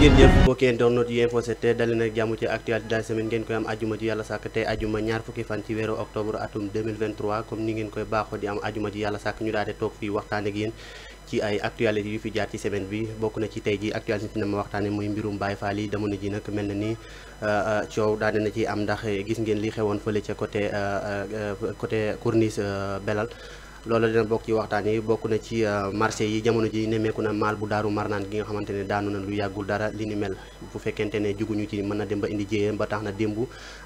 ngeen jëf mbokki internet yu Info 7 dali nag jàmm ci actualité de la semaine ngeen koy am ajuma ji yàlla sàkk tey ajuma ñaar fukki fan ci weeru octobre atum 2023 comme ni ngeen koy baaxoo di am ajuma ji yàlla sàkk ñu daal di toog fii waxtaan ak ci ay actualité yu fi jaar ci semaine bi bokk na ci tey ji actualité fi na ma waxtaane mooy mbirum Baye Fall yi damono ji nag mel na ni euh, euh, coow daal na ci am ndax gis ngeen li xewoon fële ca côté euh, côté corniche belal loola dina bokk ci waxtaan yi bokk na ci euh, marché yi jamono ji nemmeeku na maal bu daaru marnaan gi nga xamante ne daanu na lu yàggul dara li ni bu fekkente ne juguñu ci mën na dem ba indi jéyee ba tax na démb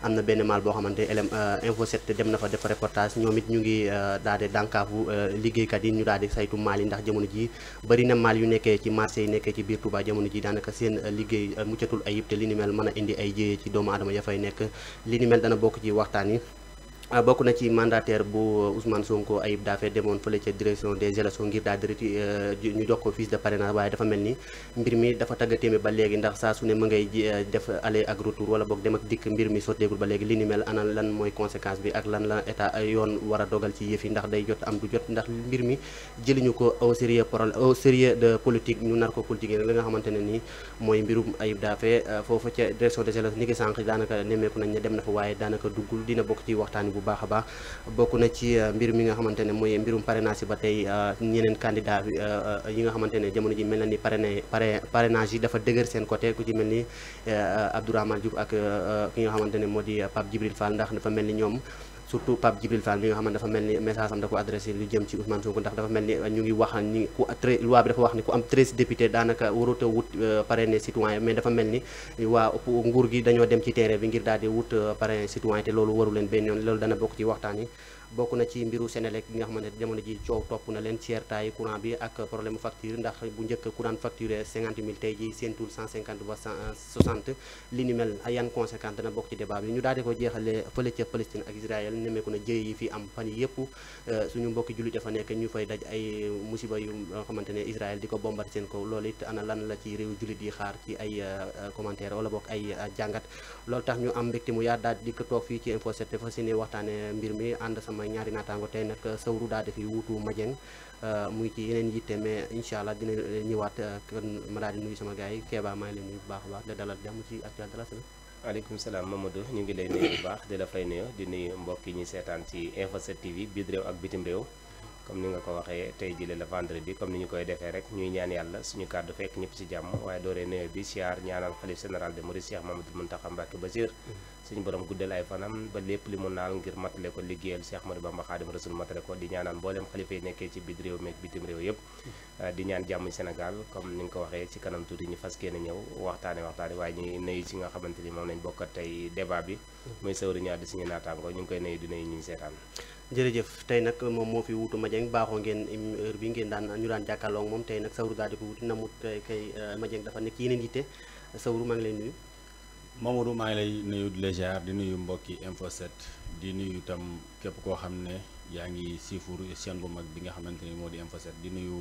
am na benn maal boo xamante elem euh, info 7 dem na fa def reportage ñoom it ñu ngi euh, daal di dànkaafu liggéeykat yi ñu daal di saytu maal yi ndax jamono ji bëri na maal yu nekkee ci marché yi nekkee ci biir Touba jamono ji daanaka seen liggéey muccatul ayib te li ni mën a indi ay ci doomu aadama ya fay nekk li dana bokk ci waxtaan yi Ah, bokk na ci mandataire bu euh, Ousmane Sonko Ayib Daffé demoon fële ca direction des élections ngir daa di euh, ñu jox ko fiche de parrainage waaye dafa mel ni mbir mi dafa taggatéeme ba léegi ndax saa su ne ma ngay euh, def aller ak wala boog dem ak dikk mbir mi sotteegul ba léegi li ni mel lan mooy conséquence bi ak lan la état yoon war a dogal ci yëf yi ndax day jot am du jot ndax mbir mi jëliñu ko au sérieux pro au sérieux de politique ñu ko politique li nga xamante ne nii mooy mbirum Ayib Daffé foofu ca direction daanaka nemmeeku nañ ne dem na fa waaye daanaka duggul dina bokk ci waxtaan bu baax a baax bokk na ci euh, mbir mi nga xamante ne mooy mbirum parrainage ba tey euh, ñeneen candidat euh, yi nga xamante ne jamono ji mel na ni parrainé parrainage yi dafa dëgër seen côté ku ci mel ni Abdourahmane Diouf ak ki nga xamante ne moo di Pape Djibril Fall ndax dafa mel ni ñoom surtout Pape Djibril Fall mi nga xam ne dafa mel ni message am da ko adressé lu jëm ci Ousmane Sonko ndax dafa mel ni ñu ngi wax ñi ku loi bi dafa wax ni ku am 13 député daanaka warut wut euh, parrain citoyen mais dafa mel ni waa nguur gi dañoo dem ci terrain bi ngir daal di wut euh, parrain citoyen te loolu waru leen benn yoon loolu dana bokk ci waxtaan yi bokk na ci mbiru Senelec bi nga xamante ne jamono ji coow topp na leen chertaayu courant bi ak problème facture ndax bu njëkk ku daan facturé tey ji seentul 150 ba 60 li ni mel yan conséquence dana bokk ci débat bi ñu daal ko jeexale fële ca Palestine ak Israël nemmeeku na jëye yi fi am fan yi euh, suñu mbokki jullit dafa nekk ñu fay daj ay musiba yu xamante ne Israël di ko bombar seen kaw loolu it ana lan la ci réew jullit yi xaar ci ay euh, commentaire wala ñaari naataango tey nag sawru daa defi wuutu Madieng euh, muy ci yeneen yitte mais incha allah dina ñëwaat euh, kon ma daal di nuyu sama gars yi Kéba maa leen bu baax a baax da dalal jàmm ci actuel de la semaine. waaleykum salaam Mamadou ñu ngi lay nuyu bu baax di la fay nuyu di nuyu mbokk yi ñuy seetaan ci Info 7 TV biir réew ak bitim réew. comme ni nga ko waxee tey jile la vendredi comme ni ñu koy defee rek ñuy ñaan yàlla suñu kàddu fekk ñëpp ci jàmm waaye dooree nuyoo bi siyaar ñaanal xalif général de Mouride Cheikh Mamadou Mountakha Mbacké Bassir ba lépp li mu naal ngir ko liggéeyal Cheikh Ahmadou Bamba Khadim Rasul matale ko di ñaanal mbooleem xalifa yi nekkee ci biir réew meek bitim réew yëpp ah, di comme ni nga ko waxee ci kanam tuuti ñu fas kenn ñëw waxtaane waxtaane waaye ñuy nuyu ci nga xamante ni moom lañ bokkat tey débat bi muy sawriñaa di suñu naataango ñu ngi koy nuyu di nuyu ñu seetaan jërëjëf tey nag moom moo fi wutu Madieng baaxoo ngeen heure bi ngeen daan ñu daan jàkkaarloo moom tey nag Sawru daal di ko wuti namut kay euh, Madieng dafa nekk yeneen yitte Sawru maa ngi lay nuyu. Mamadou maa ngi lay nuyu di la ziar di nuyu mbokki Info 7 di nuyu itam képp koo xam ne yaa ngi siifur seen bu mag bi nga xamante ni moo di Info 7 di nuyu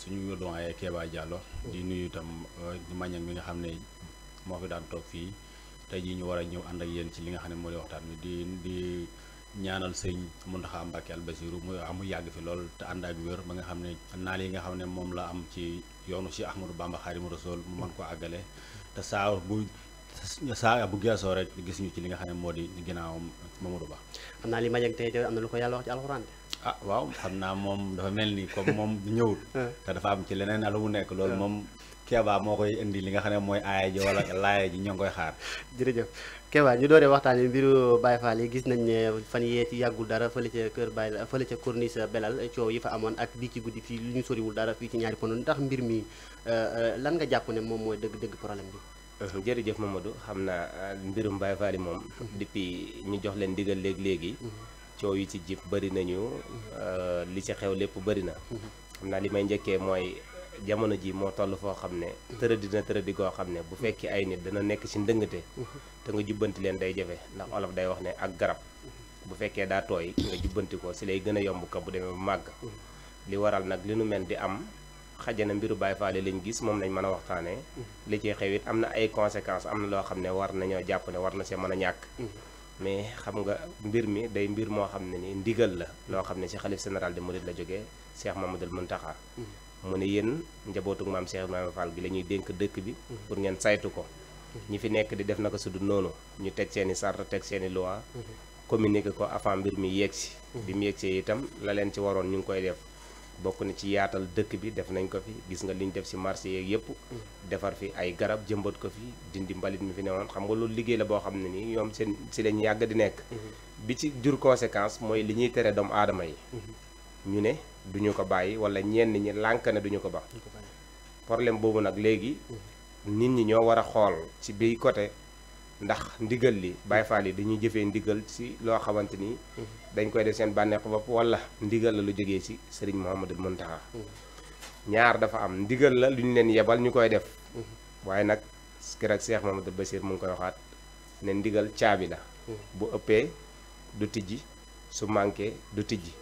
suñu doyen Kéba di nuyu itam euh, Madieng mi nga xam ne moo fi daan toog fii tey jii ñu war a ñëw ànd ak yéen ci li nga xam ne moo di waxtaan bi di di. ñaanal sëñ Muntaxa Mbàkke al Basiru mu yàgg fi lool te ànd ak wér ba nga xam ne naal yi nga xam ne moom la am ci yoonu Cheikh Ahmadou Bamba Xaadimu Rasuul mu mën ko àggale te saa bu saa bu geesoo rek gis ñu ci li nga xam ne moo di ginnaawam Mamadou Ba xam naa li ma yëg tey am na lu ko yàlla wax ci alxuraan ah waaw xam naa moom dafa mel nii comme moom ñëwul. Eh. te dafa am ci leneen lu mu nekk eh. loolu moom. Keba moo koy indi li nga xam ne mooy aaya ji wala ji ñoo ngi koy xaar. jërëjëf Keba ñu dooree waxtaanee mbiru Baye Fall gis nañ ne fan yee yàggul dara fële ca kër Baye fële ca corniche belal coow yi fa ak bii ci fii lu ñu soriwul dara fii ci ñaari pono ndax mbir mi euh, euh, lan nga jàpp ne moom mooy dëgg-dëgg problème bi. Euh, jërëjëf Mamadou xam naa mbirum Baye Fall yi moom. depuis ñu jox leen digal léegi léegi. Mhm. coow yu ci jib bari nañu euh, li ci xew lépp bari na mhm. xam naa li may njëkkee mooy jamono ji moo toll foo xam ne tërëdi na tërëdi goo xam ne bu mhm. fekkee ay nit dana nekk ci ndëngate mhm. te nga jubbanti leen day jafe ndax olof day wax ne ak garab bu fekkee daa tooy nga jubbanti ko si lay gën a yomb ka bu demee bu màgg li waral nag li nu mel di am xajana mbiru Baay Faal lañ gis moom lañ mën a waxtaanee li ciy xew it am na ay conséquences am na loo xam ne war nañoo jàpp ne war na see mën a ñàkk mais xam nga mbir mi day mbir moo xam ne ni ndigal la loo xam ne ci xalif général de Mouride la jógee Cheikh Mamadou Mountakha mm-hmm. mu ne yéen njabootu maam Cheikh Ibrahima Fall gi la ñuy dénk dëkk bi mm-hmm. pour ngeen saytu ko mm-hmm. ñi fi nekk di def na ko dul noonu ñu teg seeni i teg seeni i loi communiqué ko avant mbir mi yegg si bi mu yegg see itam la leen ci waroon ñu ngi koy def bokk na ci yaatal dëkk bi def nañ ko fi gis nga li ñu def si marché yeeg yëpp defar fi ay garab jëmbat ko fi dindi mbalit mi fi newoon xam nga loolu liggéey la boo xam ne nii ñoom seen si lañ yàgg di nekk mm-hmm. bi ci jur conséquence mooy li ñuy tere doomu aadama yi mm-hmm. ñu ne duñu ko bàyyi wala ñenn ñi lànk ne duñu ko ba problème boobu nag léegi mm-hmm. nit ñi ñoo war a xool ci biir côté ndax ndigal li Baay Faal yi dañuy jëfee ndigal si loo xamante ni dañ koy def seen bànneexu bopp walla ndigal la lu jógee ci sëriñ Mouhamadou Mountakha ñaar dafa am ndigal la lu ñu leen yebal ñu koy def waaye nag kër ak Cheikh Mouhamadou Bachir mu ngi koy waxaat ne ndigal caabi la bu ëppee du tijji su manqué du tijji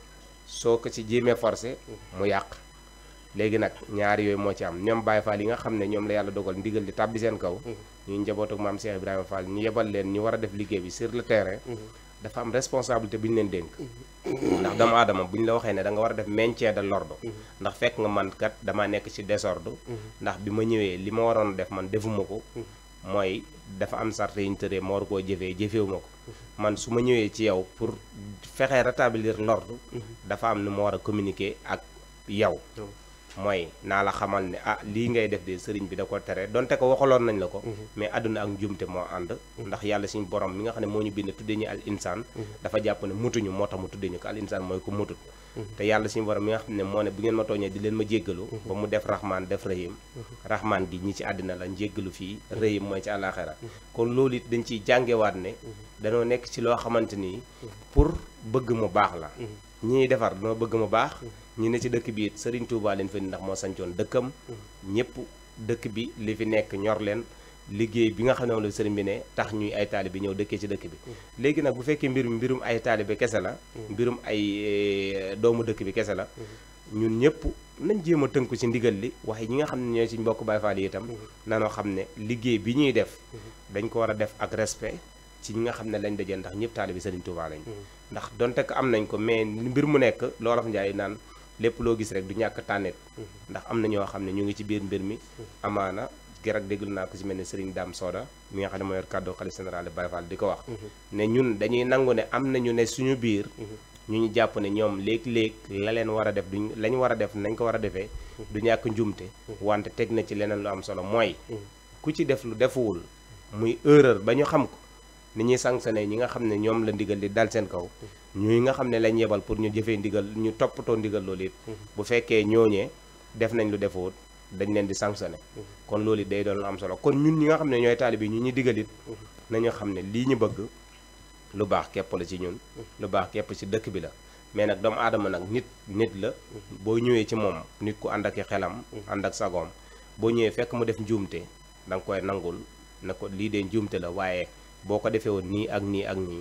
soo ko ci jéemee force mu yàq léegi nag ñaar yooyu moo ci am ñoom Baye Fall yi nga xam ne ñoom la yàlla dogal ndigal di tàbbi seen kaw mm-hmm. ñuy njabootu maam Cheikh Ibrahima Fall ñu yebal leen ñu war a def liggéey bi sur le terrain mm-hmm. dafa am responsabilité bu ñu leen dénk ndax doomu aadama bu la waxee ne da nga war a def maintien de l'ordre ndax fekk nga man kat damaa nekk ci désordre ndax bi ma ñëwee li ma waroon def man defuma ko mooy dafa am sart yi ñu tëree ma war koo jëfee jëfeewuma ko man su ma ñëwee ci yow pour fexe rétablir l'ordre dafa am lu ma war a communiquer ak yow mooy naa la xamal ne ah lii ngay def de sëriñ bi da ko tere donte ko waxaloon nañ la ko mhm. mais àdduna ak njumte moo ànd mhm. ndax yàlla suñu borom mi nga xam ne ñu bind tudde ñu al insaan mhm. dafa jàpp ne mutuñu moo tax mu tudde ñu mooy ko mutut te yàlla suñu borom mi nga xam ne moo ne bu ngeen ma tooñee di leen ma jéggalu ba mu def raxmaan def rëyam raxmaan gi ñi ci àddina la njéggalu fii rëyam mooy ci àllaaxira kon loolu it dañ ciy jàngewaat ne dañoo nekk ci loo xamante nii pour bëgg mu baax la ñi defar dañoo bëgg mu baax ñu ne ci dëkk bii it Serigne Touba leen fi ndax moo sancoon dëkkam ñëpp dëkk bi li fi nekk ñor leen liggéey bi nga xam ne moom la sëriñ bi ne tax ñuy ay taalibe ñëw dëkkee ci dëkk bi léegi nag bu fekkee mbirum mbirum ay taalibe kese la mbirum ay eh, doomu dëkk bi kese la ñun ñëpp nañ jéem a tënku ci ndigal li waaye ñi nga xam ne ñooy ci mbokk Baay Faal yi itam nanoo xam ne liggéey bi ñuy def dañ ko war a def ak respect ci ñi nga xam ne lañ dajee ndax ñëpp taalibe sëriñ Tuubaa lañ ndax donte ko am nañ ko mais mbir mu nekk loolaf Njaay naan lépp loo gis rek du ñàkk tànneet ndax am na ñoo xam ne ñu ngi ci biir mbir mi amaana keroog déglu naa ko ci mel ne Serigne daam Soda mu nga xam ne moo yor kàddu xalifa général de Baye di ko wax mhm. ne ñun dañuy nangu ne am nañu ne suñu biir mhm. ñu ñu jàpp ne ñoom léeg-léeg la leen war a def duñ lañu war a def nañ ko war a defee mhm. du ñàkk njuumte wante teg na ci leneen lu am solo mooy ku ci def lu defuwul muy erreur ba ñu xam ko ni ñuy sanctionné ñi nga xam ne ñoom la ndigal li dal seen kaw ñuy nga xam ne lañ yebal pour ñu jëfee ndigal ñu toppatoo ndigal loolu it bu fekkee ñooñee def nañ lu defoot dañ leen di sanctionné kon loolu it day doon am solo kon ñun ñi nga xam ne ñooy taalibe ñu ñuy digal it nañu xam ne lii ñu bëgg lu baax képp la ci ñun lu baax képp ci dëkk bi la mais nag doomu aadama nag nit nit la boo ñëwee ci moom nit ku ànd ak xelam ànd ak sagom boo ñëwee fekk mu def njuumte da koy nangul na ko lii de njuumte la waaye boo ko defee woon nii ak nii ak nii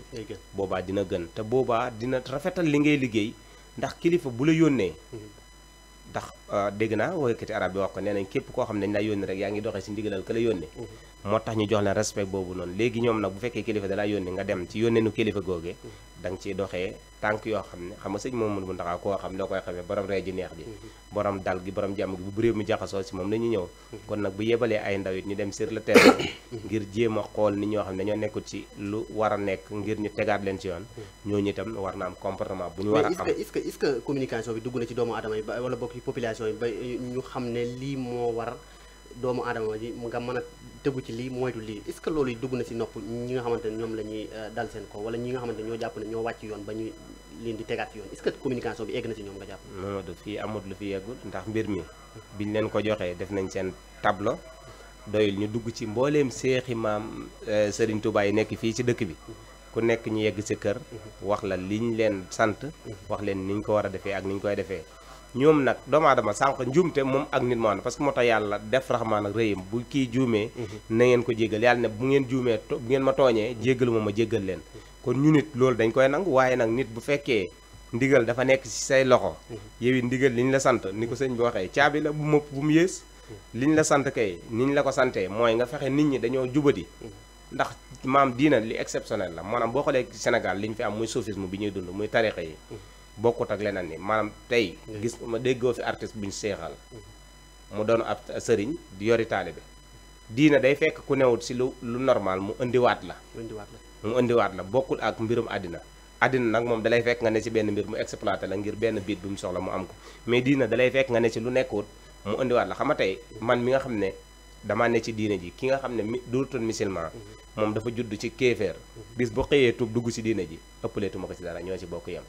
boobaa dina gën te boobaa dina rafetal li ngay liggéey ndax kilifa bu la yónnee mm-hmm. ndax euh, dégg naa woykati arab bi wax ko nee nañ képp koo xam ne dañ lay yónni rek yaa ngi doxee si ndigalal ka la yónnee mm-hmm. moo tax ñu jox leen respect boobu noonu léegi ñoom nag bu fekkee kilifa da laa yónni nga dem ci yónneenu kilifa googe da nga ciy doxee tànk yoo xam ne xam nga sëñ moom bu ndaxaa koo xam doo koy xamee borom ree ji neex bi borom dal gi borom jàmm gi bu réew mi jaxasoo si moom la ñu ñëw kon nag bu yebalee ay ndaw it ñu dem sur le terrain ngir jéem a xool nit ñoo xam ne ñoo nekkut ci lu war a nekk ngir ñu tegaat leen ci yoon ñooñu itam war na am bu ñu war a bi dugg na ci doomu adama yi wala bokk population yi ba ñu xam ne lii moo war doomu aadama ji nga mën a tegu ci lii moytu lii est-ce que loolu dugg na si nopp ñi nga xamante ne ñoom la ñuy euh, dal seen ko wala ñi nga xamante ne ñoo jàpp ne ñoo wàcc yoon ba ñu leen di tegaat yoon est-ce que communication bi egg na si ñoom nga jàpp Mamadou fii amut lu fi yeggul ndax mbir mi biñ leen ko joxee def nañ seen tablo doyul ñu dugg ci mbooleem seexi maam euh, Serigne Touba yi nekk fii ci dëkk bi ku nekk ñu yegg sa kër mhm. wax la liñ leen sant mhm. wax leen niñ ko war a defee ak niñ koy defee ñoom nag doomu aadama sànq njuumte moom ak nit moo ànd parce que moo tax yàlla def raxmaan ak rëyam bu kii juumee mhm. na ngeen ko jéggal yàlla ne bu ngeen juumee bu ngeen ma tooñee jéggalu ma ma jéggal leen kon ñu nit loolu dañ koy nangu waaye nag nit bu fekkee ndigal dafa nekk ci say loxo mhm. yowi ndigal li ñu la sant ni ko sëñ bi waxee caabi la bu mëpp bu yées mhm. li ñu la sant kay ni ñu la ko santee mooy nga fexe nit ñi dañoo jubadi ndax maam diina li exceptionnel la maanaam boo xoolee Sénégal li ñu fi am muy soufisme bi ñuy dund muy tarixa yi bokkut ak leneen ni maanaam tey gis ma déggoo fi artiste bu ñu seexal mu doon ab sëriñ di yori taalibe diina day fekk ku newut ci lu lu normal mu indiwaat la mu indiwaat la bokkul ak mbirum àddina àddina nag moom dalay fekk nga ne si benn mbir mu exploité la ngir benn biit bi soxla mu am ko mais diina dalay fekk nga ne si lu nekkut mu indiwaat la xam nga tey man mi nga xam ne damaa ne ci diina ji ki nga xam ne mi duutoon musulman mhm. moom dafa judd ci kéeféer bis bu xëyee tub dugg si diina ji ëppaleetuma ko si dara ñoo ci bokk yem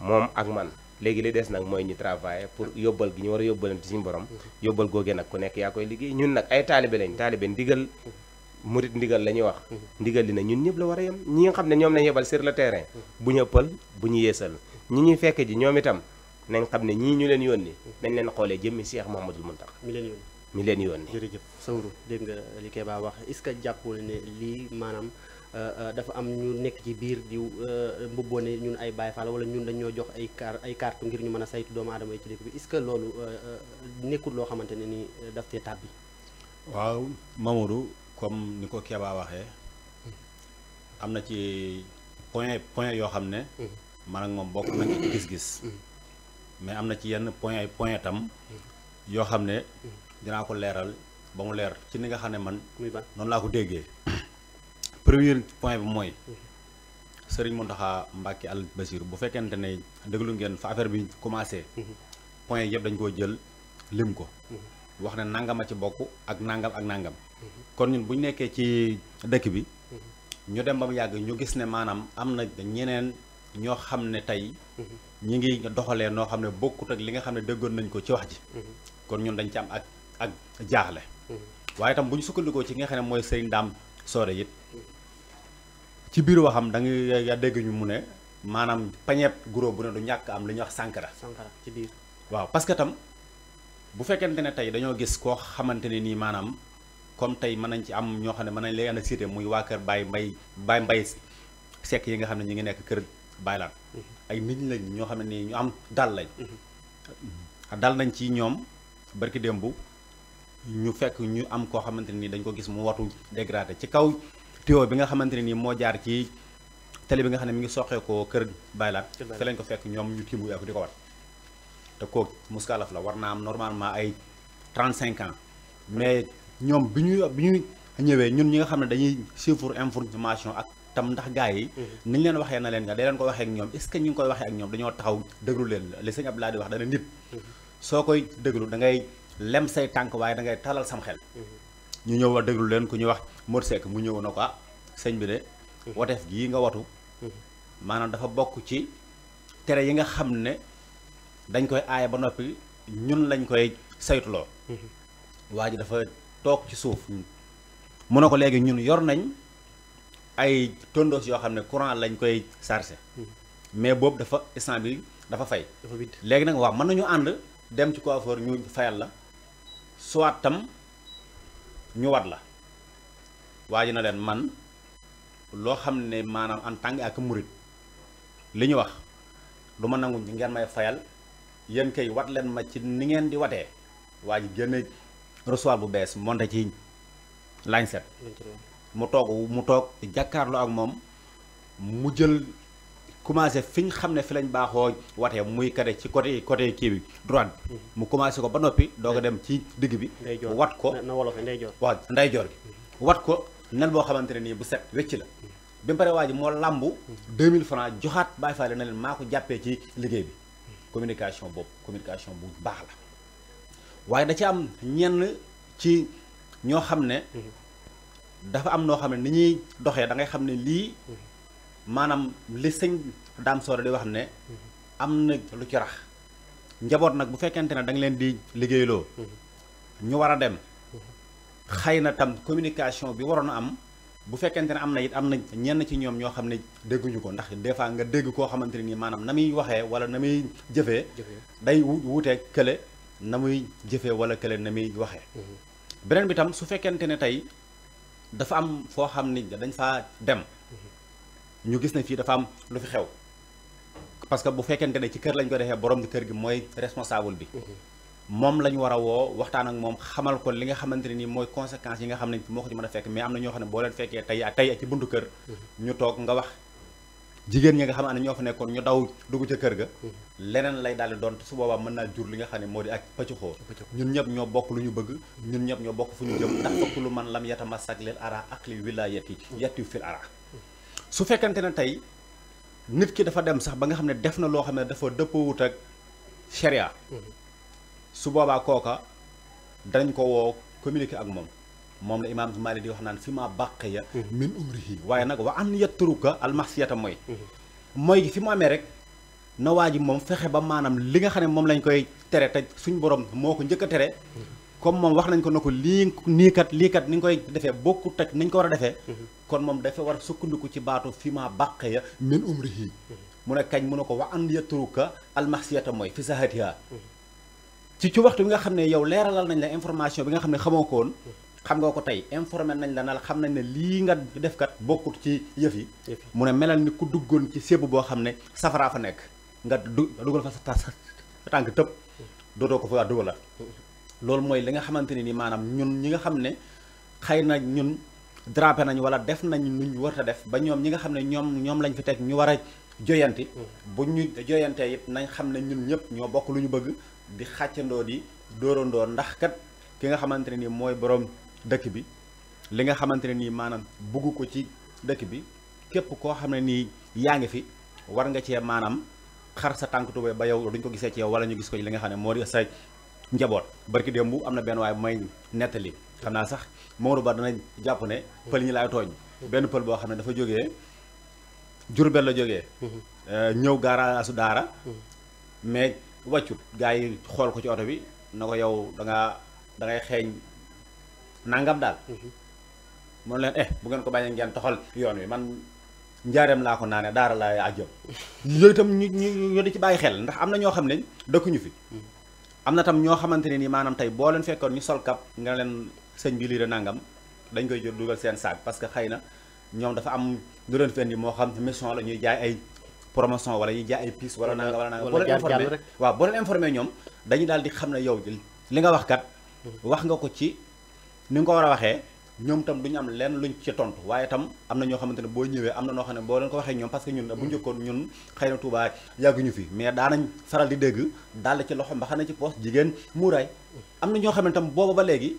moom ah. ak man léegi li des nag mooy ñu travailler pour yóbbal gi ñu war a yóbbalante suñu borom mhm. yóbbal googee nag ku nekk yaa koy liggéey ñun nag ay taalibe lañ taalibe ndigal mhm. murit ndigal la ñuy wax mhm. ndigal li nag ñun ñëpp la war a yem ñi nga xam ne ñoom lañ yebal sur le terrain bu ñëppal ëppal bu ñu yeesal ñi ñuy fekke ji ñoom itam nañ xam ne ñii ñu leen yónni nañ leen xoolee jëmmi Cheikh Mouhamadoul Mountakha mi leen yónni mi leen yónni jërëjëf Sawru dégg nga li Keba wax est-ce que jàppul ne lii maanaam Euh, euh, dafa am ñu nekk ci biir di euh, mbubboo ne ñun ay baay Fall wala ñun dañoo jox ay car ay carte ngir ñu mën a saytu doomu aadama yi ci dëkk bi est que loolu nekkul loo xamante ne nii daf cee tàbbi. waaw Mamadou comme ni ko Keba waxee am na ci point point yoo xam ne. Mhm. man ak moom bokk na ci gis-gis. Mhm. mais am na ci yenn point ay point tam. Mhm. yoo xam ne dinaa ko leeral ba mu leer ci ni nga xam ne man. noonu laa ko déggee. premier point bi mooy Serigne Mountakha Mbacké al Basir bu fekkente ne déglu ngeen fa affaire bi commencé. point yëpp dañ koo jël lim ko. wax ne nangam a ci bokk ak nangam ak nangam. kon ñun bu nekkee ci dëkk bi. ñu dem ba mu yàgg ñu gis ne maanaam am na ñeneen ñoo xam ne tey. ñi ngi doxalee noo xam ne bokkut ak li nga xam ne déggoon nañ ko ci wax ji. kon ñun dañ ci am ak ak jaaxle. Mm-hmm. waaye itam bu ñu sukkandikoo ci nga xam ne mooy sëriñ Dame Soore it. ci biir waxam da nga dégg ñu mu ne maanaam pañeeb guro bu ne du ñàkk am lu ñuy wax sànkara. sànkara ci biir. waaw parce que tam bu fekkente ne tey dañoo gis koo xamante ne nii maanaam comme tey mën nañ ci am ñoo xam ne mën nañ lay ànd muy waa kër Baye Mbaye Baye Mbaye sekk yi nga xam ne ñu ngi nekk kër Baye mhm. ay nit lañ ñoo xam ne nii ñu am dal lañ. Mhm. Ah, dal nañ ci ñoom barki démb ñu fekk ñu am koo xamante ne nii dañ ko gis mu watu dégradé ci kaw. tiwo bi nga xamante ne nii moo jaar ci tali bi nga xam ne mi ngi soqeekoo kër baylaat te lañ ko fekk ñoom ñu tibu ko di ko wat te kooku muskalaf la war naa am normalement ay 35 ans mais ñoom bi ñuy bi ñuy ñëwee ñun ñi nga xam ne dañuy suivre information ak tam ndax gars yi mhm. ni ñu leen waxee na leen nga day leen ko waxee ak ñoom est ce que ñu ngi koy waxee ak ñoom dañoo taxaw déglu leen li sëñ Abdoulaye di wax dana nit mhm. soo koy déglu da ngay lem say tànk waaye da ngay talal sam xel mhm. Mor Seck mu ñëw ko ah sëñ bi de hmm. wateef gii nga watu hmm. maanaam dafa bokk ci tere yi nga xam ne dañ koy aaya ba noppi ñun lañ koy saytuloo hmm. waa ji dafa toog ci suuf mu ne ko léegi ñun yor nañ ay tondos yoo xam ne courant lañ koy chargé mais boobu dafa instant bi dafa fay léegi nag waa mën nañu ànd dem ci coiffeur ñu fayal la soit tam ñu wat la waa ji na leen man loo xam ne maanaam en tant ak murit li ñu wax du ma nangu ñi ngeen may fayal yéen kay wat leen ma ci ni ngeen di watee waa ji génne recevoir bu bees monte ci lañ set mu toog mu toog jàkkaarloo ak moom mu jël commencé fi ñu xam ne fi lañ baaxoo watee muy kare ci côté côté kii bi droite bi mhm. mu commencé ko ba noppi doog a dem ci digg bi wat ko waaw ndeyjoor gi wat ko nen boo xamante ne nii bu set wecc la bi mu pare waa ji moo làmbu làmb 2000 francs joxaat Baye Fall na leen maa ko jàppee ci liggéey bi communication boobu communication bu baax la waaye da ci am ñenn ci ñoo xam ne dafa am noo xam ne ni ñuy doxee dangay xam ne lii maanaam li sëñ daam soore di wax ne am na lu ci njaboot nag bu fekkente ne da leen di liggéeyloo ñu war a dem xëy na tam communication bi waroon a am bu fekkente ne am na it am na ñenn ci ñoom ñoo xam ne dégguñu ko ndax des fois nga dégg koo xamante ne nii maanaam na muy waxee wala na muy jëfee day wutee kële na muy jëfee wala kële na muy waxee mm-hmm. beneen bi tam su fekkente ne tey dafa am foo xam ni dañ faa dem mm-hmm. ñu gis ne fii dafa am lu fi xew parce que bu fekkente ne ci kër lañ ko defee borom kër gi mooy responsable bi mm-hmm. moom la ñu war woo waxtaan ak moom xamal ko li nga xamante ne nii mooy conséquences yi nga xam ne moo ko ci mën a fekk mais am na ñoo xam ne boo leen fekkee tey mhm. ñu toog nga wax jigéen ñi nga xam ne ñoo fa nekkoon ñu daw dugg ca kër ga mhm. leneen lay daal di doon su boobaa mën naa jur li nga xam ne moo di ak pëccxoo ñun ñëpp ñoo bokk lu ñu bëgg mhm. ñun ñëpp ñoo bokk fu ñu jëm ndax man lam yatama sak leel ara ak li willa yeti yettu fil ara su fekkante ne tey nit ki dafa dem sax ba nga xam ne def na loo xam ne dafa dëppawut ak sharia su boobaa kooka danañ ko woo communiqué ak moom moom la imaam Maalik di wax naan fi ma ya min umrihi waaye nag wa an yatruka almasiyata mooy mhm. mooy fi mu amee rek na ji moom fexe ba maanaam li nga xam ne moom lañ koy tere te suñ moo ko njëkk tere mhm. comme moom wax nañ ko na ko lii nii kat lii kat ni nga koy defee bokku teg nañ ko war a defee mhm. kon moom dafa war sukkandiku ci baatu fi ma baqiya min umrihi mu ne kañ mu ne ko wa an yatruka almasiyata mooy fi ci ci waxtu bi nga xam ne yow leeralal nañ la information bi nga xam ne xamoo ko woon xam nga ko tey informé nañ la na la xam nañ ne lii nga def kat bokkut ci yëf yi mu ne melal ni ku duggoon ci sébb boo xam ne safaraa fa nekk nga du dugal fa sa tànk tëb dootoo ko fa dugalaat loolu mooy li nga xamante ne ni maanaam ñun ñi nga xam ne xëy na ñun drapé nañ wala def nañ nuñ war a def ba ñoom ñi nga xam ne ñoom ñoom lañ fi teg ñu war a joyanti mm. bu ñu joyantee nañ xam ne ñun ñëpp ñoo bokk lu ñu bëgg di xàccandoo di dóorandoo ndax kat ki nga xamante ne ni mooy borom dëkk bi li nga xamante ne nii maanaam bugg ko ci dëkk bi képp koo xam ne nii yaa ngi fi war nga cee maanaam xar sa tànk tubéy ba yow duñ ko gisee ci yow wala ñu gis ko ci li nga xam ne moo di say njaboot barki démb am na benn waaye bu may nettali xam naa sax Maodo Ba dana jàpp ne pël ñi laay tooñ benn pël boo xam ne dafa jóge Jurbel la jóge mhm. euh, ñëw gaaraasu daara mhm. mais wàccut gars yi xool ko ci oto bi na ko yow da ngaa da ngay xeeñ nangam daal. Mhm. mu ne leen eh bu ngeen ko bañee ngeen toxal yoon wi man njaareem laa ko naanee daara laa ajjam yooyu itam ñu ñu ñu di ci bàyyi xel ndax am na ñoo xam ne dëkkuñu fi. Mhm. am na tam ñoo xamante ne nii maanaam tey boo leen fekkoon ñu sol kap nga leen sëñ bi lii de nangam dañ koy jël dugal seen saag parce que xëy na ñoom dafa am lu leen fen yi moo xam mission la ñuy jaay ay. promotion wala yi jaay ay pièces wala nanga wala nanga boo leen informé waaw boo leen informé ñoom dañu daal di xam ne yow li nga wax kat wax nga ko ci ni nga ko war a waxee ñoom tam duñu am lenn ñu ci tontu waaye tam am na ñoo xamante ne boo ñëwee am na noo xam ne boo leen ko waxee ñoom parce que ñun bu njëkkoon ñun xëy na Touba ñu fi mais daanañ faral di dégg daal ci loxo mbaxana ci poos jigéen muuraay am na ñoo xam ne tam booba ba léegi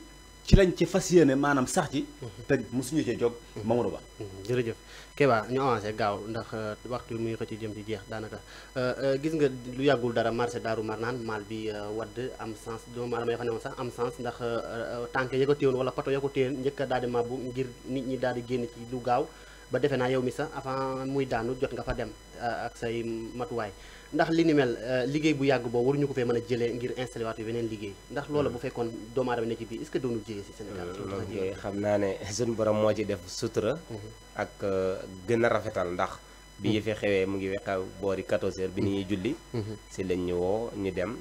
ci lañ ci fas yéene maanaam sax ci mhm. te mosuñu cee jóg mhm. Mamadou Ba mhm. jërëjëf Kéba ñu avancé gaaw ndax euh, waxtu muy xëcc jëm ci jeex daanaka euh, euh, gis nga lu yàggul dara marché Daaru Marnaan maal bi wadd am sens doomu aadama yoo xam ne woon sax am sens ndax tànk ya ko téewoon wala pato ya ko téewoon njëkk a daal di ngir nit ñi daal di génn ci lu gaaw ba defe naa yow mi sax avant muy daanu jot nga fa dem ak say matuwaay ndax li ni mel euh, liggéey bu yàgg boobu waruñu ko fee mën a jëlee ngir installé waat beneen liggéey ndax loola hmm. bu fekkoon doomu aadama ne ci biir est-ce euh, ne suñu borom moo ci def sutura hmm. ak euh, gën a rafetal ndax bi ñu hmm. fi xewee mu ngi weqa boori 14h bi ñuy julli si lañ ñu dem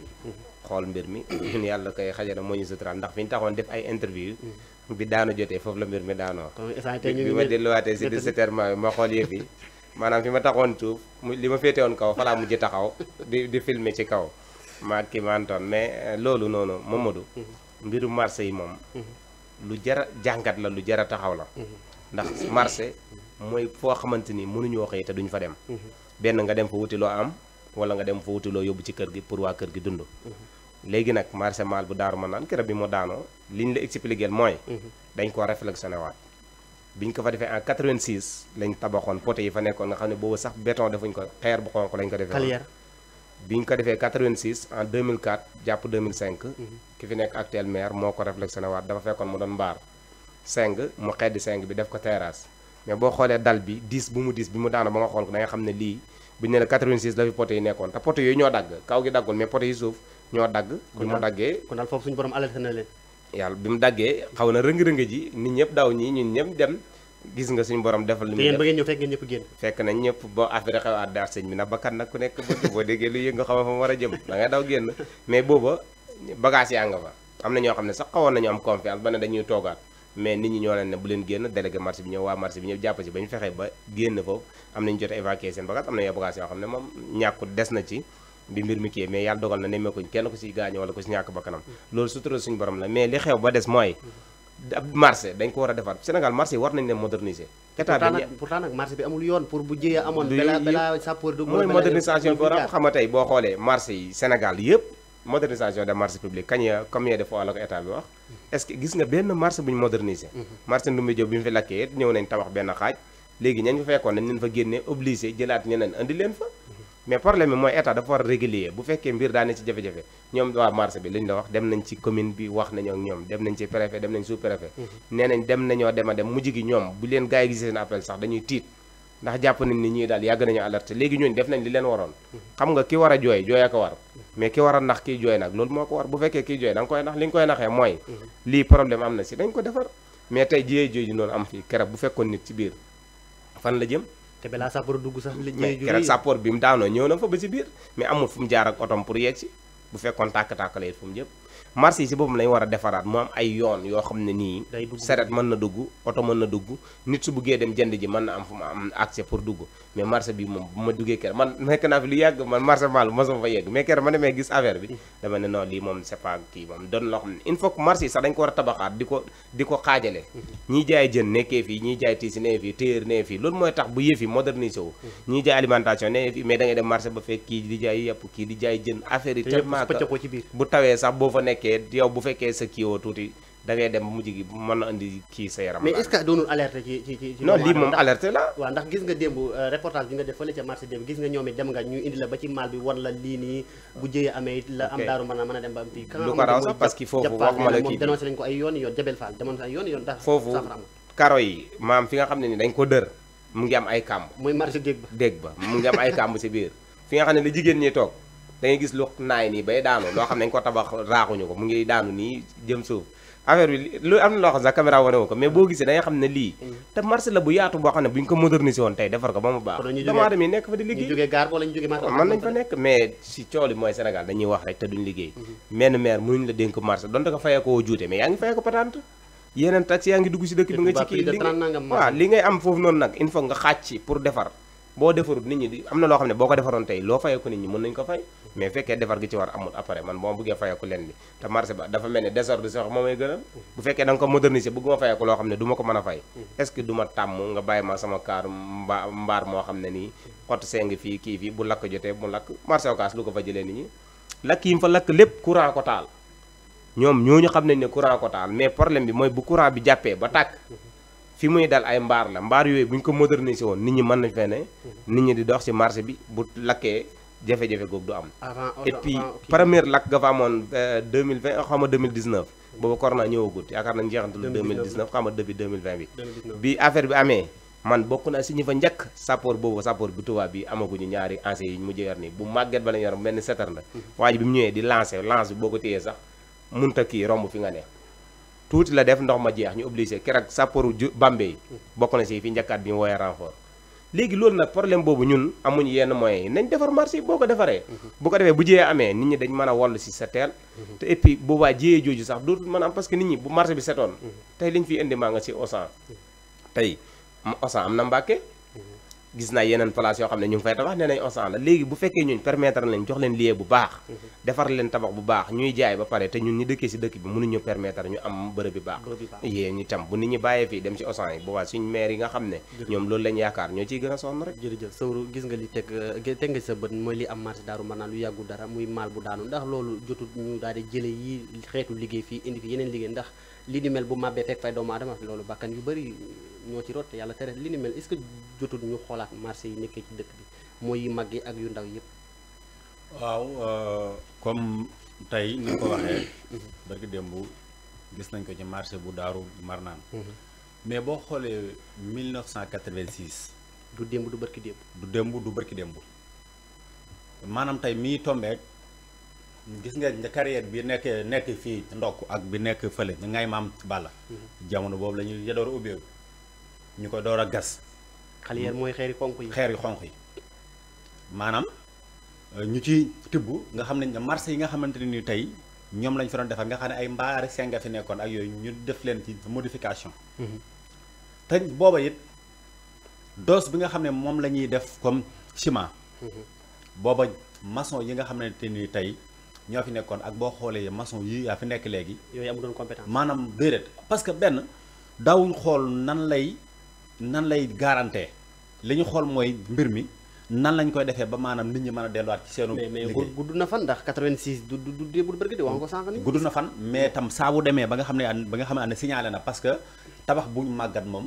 xool mbir mi ñun yàlla koy xajana moo ndax ñu taxoon def ay interview bi daanu jotee foofu la mbir mi daanoo bi ma delluwaatee si di seterment bi ma xool yëf maanaam fi ma taxoon suuf mu li ma féete woon kaw falaa mujj taxaw di di filmer ci kaw maa ki mais euh, loolu noonu Mamadou mhm. mbiru marché yi moom mhm. lu jara jàngat la lu jara taxaw la mhm. ndax marché mooy foo xamante ni mënuñoo xëy te duñ fa dem benn nga dem fa wuti loo am wala nga dem fa wuti yóbbu ci kër gi pour waa kër gi dund léegi nag marché maal bu daaru ma naan kër bi mu daanoo li ñu la expliqué mooy dañ koo réflexionné waat biñ ko fa defee en 86 lañ tabaxoon poté yi fa nekkoon nga xam ne boobu sax béton defuñ ko xeer bu xonq lañ ko defee. Kalière biñ ko defee 86 en 2004 jàpp 2005. Mhm. ki fi nekk actuel maire moo ko réflexionné waat dafa fekkoon mu doon mbaar. seng mu xeddi seng bi def ko terrasse mais boo xoolee dal bi 10 bu mu 10 bi mu daana ba nga xool ko da nga xam ne lii buñ ne la 86 la fi poté yàlla bi mu daggee xaw na rëng-rëng ji nit ñëpp daw ñi ñun ñëpp dem gis nga suñu borom defal li muy def ba génn fekk nañ ñëpp ba affaire xew aat daar sëñ bi nag ba kan nag ku nekk ba boo déggee lu yëngu xaw ma fa mu war a jëm da nga daw génn mais booba bagage yaa nga fa am na ñoo xam ne sax xawoon nañu am confiance ba ne dañuy toogaat mais nit ñi ñoo leen ne bu leen génn délégué marché bi ñëw waa marché bi ñëw jàpp si ba ñu fexee ba génn foofu am nañu jot évacuer seen bagage am na ñoo bagage yoo xam des na ci bi mbir mi kii mais yàlla dogal na nemmeekuñ kenn ku si gaaño wala ku si ñàkk bakkanam loolu sutura suñu borom la mais li xew ba des mooy ab dañ ko war a defar Sénégal marché yi war nañ leen moderniser yoon pour bu jëyee amoon a boo xoolee marché yi Sénégal yëpp modernisation des marchés publics kañ ya combien de fois la ko état bi wax mm-hmm. est gis nga benn marché bu ñu moderniser mm-hmm. marché Ndoumbé Diop bi ñu fi lakkee ñëw nañ tabax benn xaaj léegi ñañ fa fekkoon nañ leen fa génnee obligé jëlaat ñeneen andi leen fa mais problème bi mooy état dafa war régulier bu fekkee mbir daane ci jafe-jafe ñoom waa marché bi li la wax dem nañ ci commune bi wax nañoo ak ñoom dem nañ ci préfet dem nañ sous préfet mhm. nee nañ dem nañoo dem a dem mujj gi ñoom bu leen gars yi gisee seen appel sax dañuy tiit ndax jàpp nañ ni ñii daal yàgg nañu alerte léegi ñooñu def nañ li leen waroon mhm. xam nga ki war a jooy jooy ko war mhm. mais ki war a nax kiy jooy nag loolu moo ko war bu fekkee kiy jooy da nga koy nax li nga koy naxee mooy lii problème am na si dañ ko defar mais tey jiyee jooy ji noonu am fii kerab bu fekkoon nit ci biir fan la jëm te balaa sappoor dugg sax. li mais keroog mu daanoo ñëw na fa ba si biir mais amul fu mu jaar ak otom pour yegg si bu fekkoon tàkk-tàkk la it fu mu marché yi si boppam lañ war a defaraat mu am ay yoon yoo xam ne nii saret mën na dugg oto mën na dugg nit su buggee dem jënd ji mën na am fu mu am accès pour dugg mais marché bi moom bu ma duggee kër nekk naa fi man marché mal mosuma fa yegg mais kër ma demee gis affaire bi dama ne non lii moom c'est kii moom doon loo xam ne il faut que yi sax dañ ko war a tabaxaat di ko di ko xaajale mhm. ñiy jaay jën nekkee fii ñiy jaay tiisi nee fii téer nee fii loolu mooy tax bu yëf yi modernisé wu mhm. ñiy jaay alimentation nee fii kii di jaay yàpp kii di jaay jën tawee sax boo fa nekk nekkee yow bu fekkee sa kii tuuti da ngay dem mujj gi mën na andi kii sa yaram. mais est-ce que alerte ci ci ci. non lii moom alerte la. waaw ndax gis nga démb euh, reportage bi nga def fële ca marché démb gis nga ñoom it dem nga ñu indi la ba ci maal bi wan la lii nii bu jëyee amee la am daaru mën a mën dem ba am fii. lu ko raw sax parce que foofu waxuma la kii dénoncé nañ ko ay yoon yoon Jabel Fall dénoncé ay yoon yoon ndax foofu karo yi maam fi ne ni dañ ko dër mu ay kàmb muy marché dégg ba dégg ba mu ngi am ay kàmb nga xam ne la jigéen da ngay gis lu naay nii bay daanu loo xam ne dañ ko tabax raaxuñu ko mu ngi daanu nii jëm suuf affaire bi lu am na loo xam boo gisee da nga xam ne lii mm. te marché la bu yaatu boo xam ne bu ñu ko moderniser woon tey defar ko ba mu baax damaa demee nekk fa di liggéey ñu jógee gaar ñu rek te duñ liggéey mm-hmm. menn maire mënuñ la dénk marché donte ko fayee ko juute mais yaa ngi fayee ko patente yeneen tax yaa ngi dugg si dëkk bi nga ci kii waaw li ngay am foofu noonu nag il faut nga xàcc pour defar boo defarut nit ñi am na loo xam ne boo ko defaroon tey loo fayeeku nit ñi mën nañ ko fay mais fekkee defar gi ci war amul après man boo bëggee fayeeku leen bi te marché ba dafa mel ne désordre sax moo may gënal bu fekkee da nga ko moderniser bëgg ma fayeeku ma ko mën a fay hmm. tàmm nga bàyyi ma sama kaar mbaar moo xam ne nii xott seng fii kii fii bu lakk jotee mu lakk marché Ocass lu ko fa jëlee nit ñi lakk yi mu fa lakk lépp courant ko taal ñoom ñu xam ne ne courant ko taal mais problème bi mooy bu courant bi jàppee ba tàkk hmm. fi muy dal ay mbaar la mbaar yooyu bu ñu ko moderniser woon nit ñi mën nañ fee ne mhm. nit ñi di dox ci marché bi bu lakkee jafe-jafe googu du am et puis première lakk nga fa amoon 2020 xam nga 2019 booba corona ñëwagut yaakaar nañ jeexantalu 2019 xam nga depuis 2020 bi bi affaire bi amee man bokk naa si ñu fa njëkk sappoor boobu sappoor bu tubaab bi amaguñu ñaari ancien yi mu mujjee yor nii bu màgget ba la ñu yor mel ni setar la mhm. waa ji bi mu ñëwee di lancer lance boo ko téyee sax munta kii romb fi nga ne tuuti la def ndox ma jeex ñu obligé keroog sàpporu Bambey bokk na si fi njëkkaat bi ñu woowee renfort léegi loolu nag problème boobu ñun amuñ yenn moyens yi nañ defar marché boo ko defaree bu ko defee bu jiyee amee nit ñi dañ mën a woll si sa teel te et puis boobaa jiyee jooju sax dootul mën a am parce que nit ñi bu marché bi setoon tey liñ fi indi maa nga si Auchan tey Auchan am na Mbàkke gis naa yeneen place yoo xam ne ñu ngi fay tabax nee nañ osan la léegi bu fekkee ñun permettre nañ jox leen lieu bu baax mhm. defar leen tabax bu baax ñuy jaay ba pare te ñun ñu dëkkee si dëkk bi mënuñu permettre ñu am bërëb bi baax yée tam bu nit ñi bàyyee fii dem si osan yi boobaa suñ maire yi nga xam ne ñoom loolu lañ yaakaar ñoo ciy gën a sonn rek jërëjëf Sowru gis nga li teg teg nga sa bët mooy li am marché daaru maanaam lu yàggu dara muy maal bu daanu ndax loolu jotul ñu daal di jële yi xeetu liggéey fii indi fi yeneen liggéey ndax li mel bu màbbee fekk fay doomu aadama loolu bakkan yu bëri ñoo ci rotte yàlla tere li ni mel est-ce ñu xoolaat marché yi nekkee ci dëkk bi mooy yu mag yi ak yu ndaw yëpp. waaw euh, comme tey ni ko waxee. barki démb gis nañ ko ci marché bu Daaru Marnaan. Mhm. mais boo xoolee 1986. du démb du barki démb. du démb du barki démb. maanaam tey mii tombeek gis nga carrière bi nekk nekk fii ndokk ak bi nekk fële ngay maam Balla. Mhm. jamono boobu la ñuy door a ubbeeku ñu ko door a gas. carrière mooy xeeri xonq yi xeeri xonq yi maanaam euh, ñu ci tibb nga xam ne marché yi nga xamante ne ni tey ñoom lañ fa doon defar nga xam ne ay mbaari nga fi nekkoon ak yooyu ñu def leen ci modification. Mhm. te booba it dose bi nga xam ne moom lañuy def comme ciment. Mhm. booba mason yi nga xamante ni tey. ñoo fi nekkoon ak boo xoolee mason yi yaa fi nekk léegi. yooyu amuloon compétence maanaam déedéet parce que benn daawuñ xool nan lay nan lay garanté li ñu xool mooy mbir mi nan lañ koy defee ba maanaam nit ñi mën a delluwaat ci seenu. liggéey mais mais gudd na fan ndax 86 du du du ko sànq ni. gudd na fan mais tam saa demee ba nga xam ne ba nga xam ne signalé na parce que tabax bu ñu màggat moom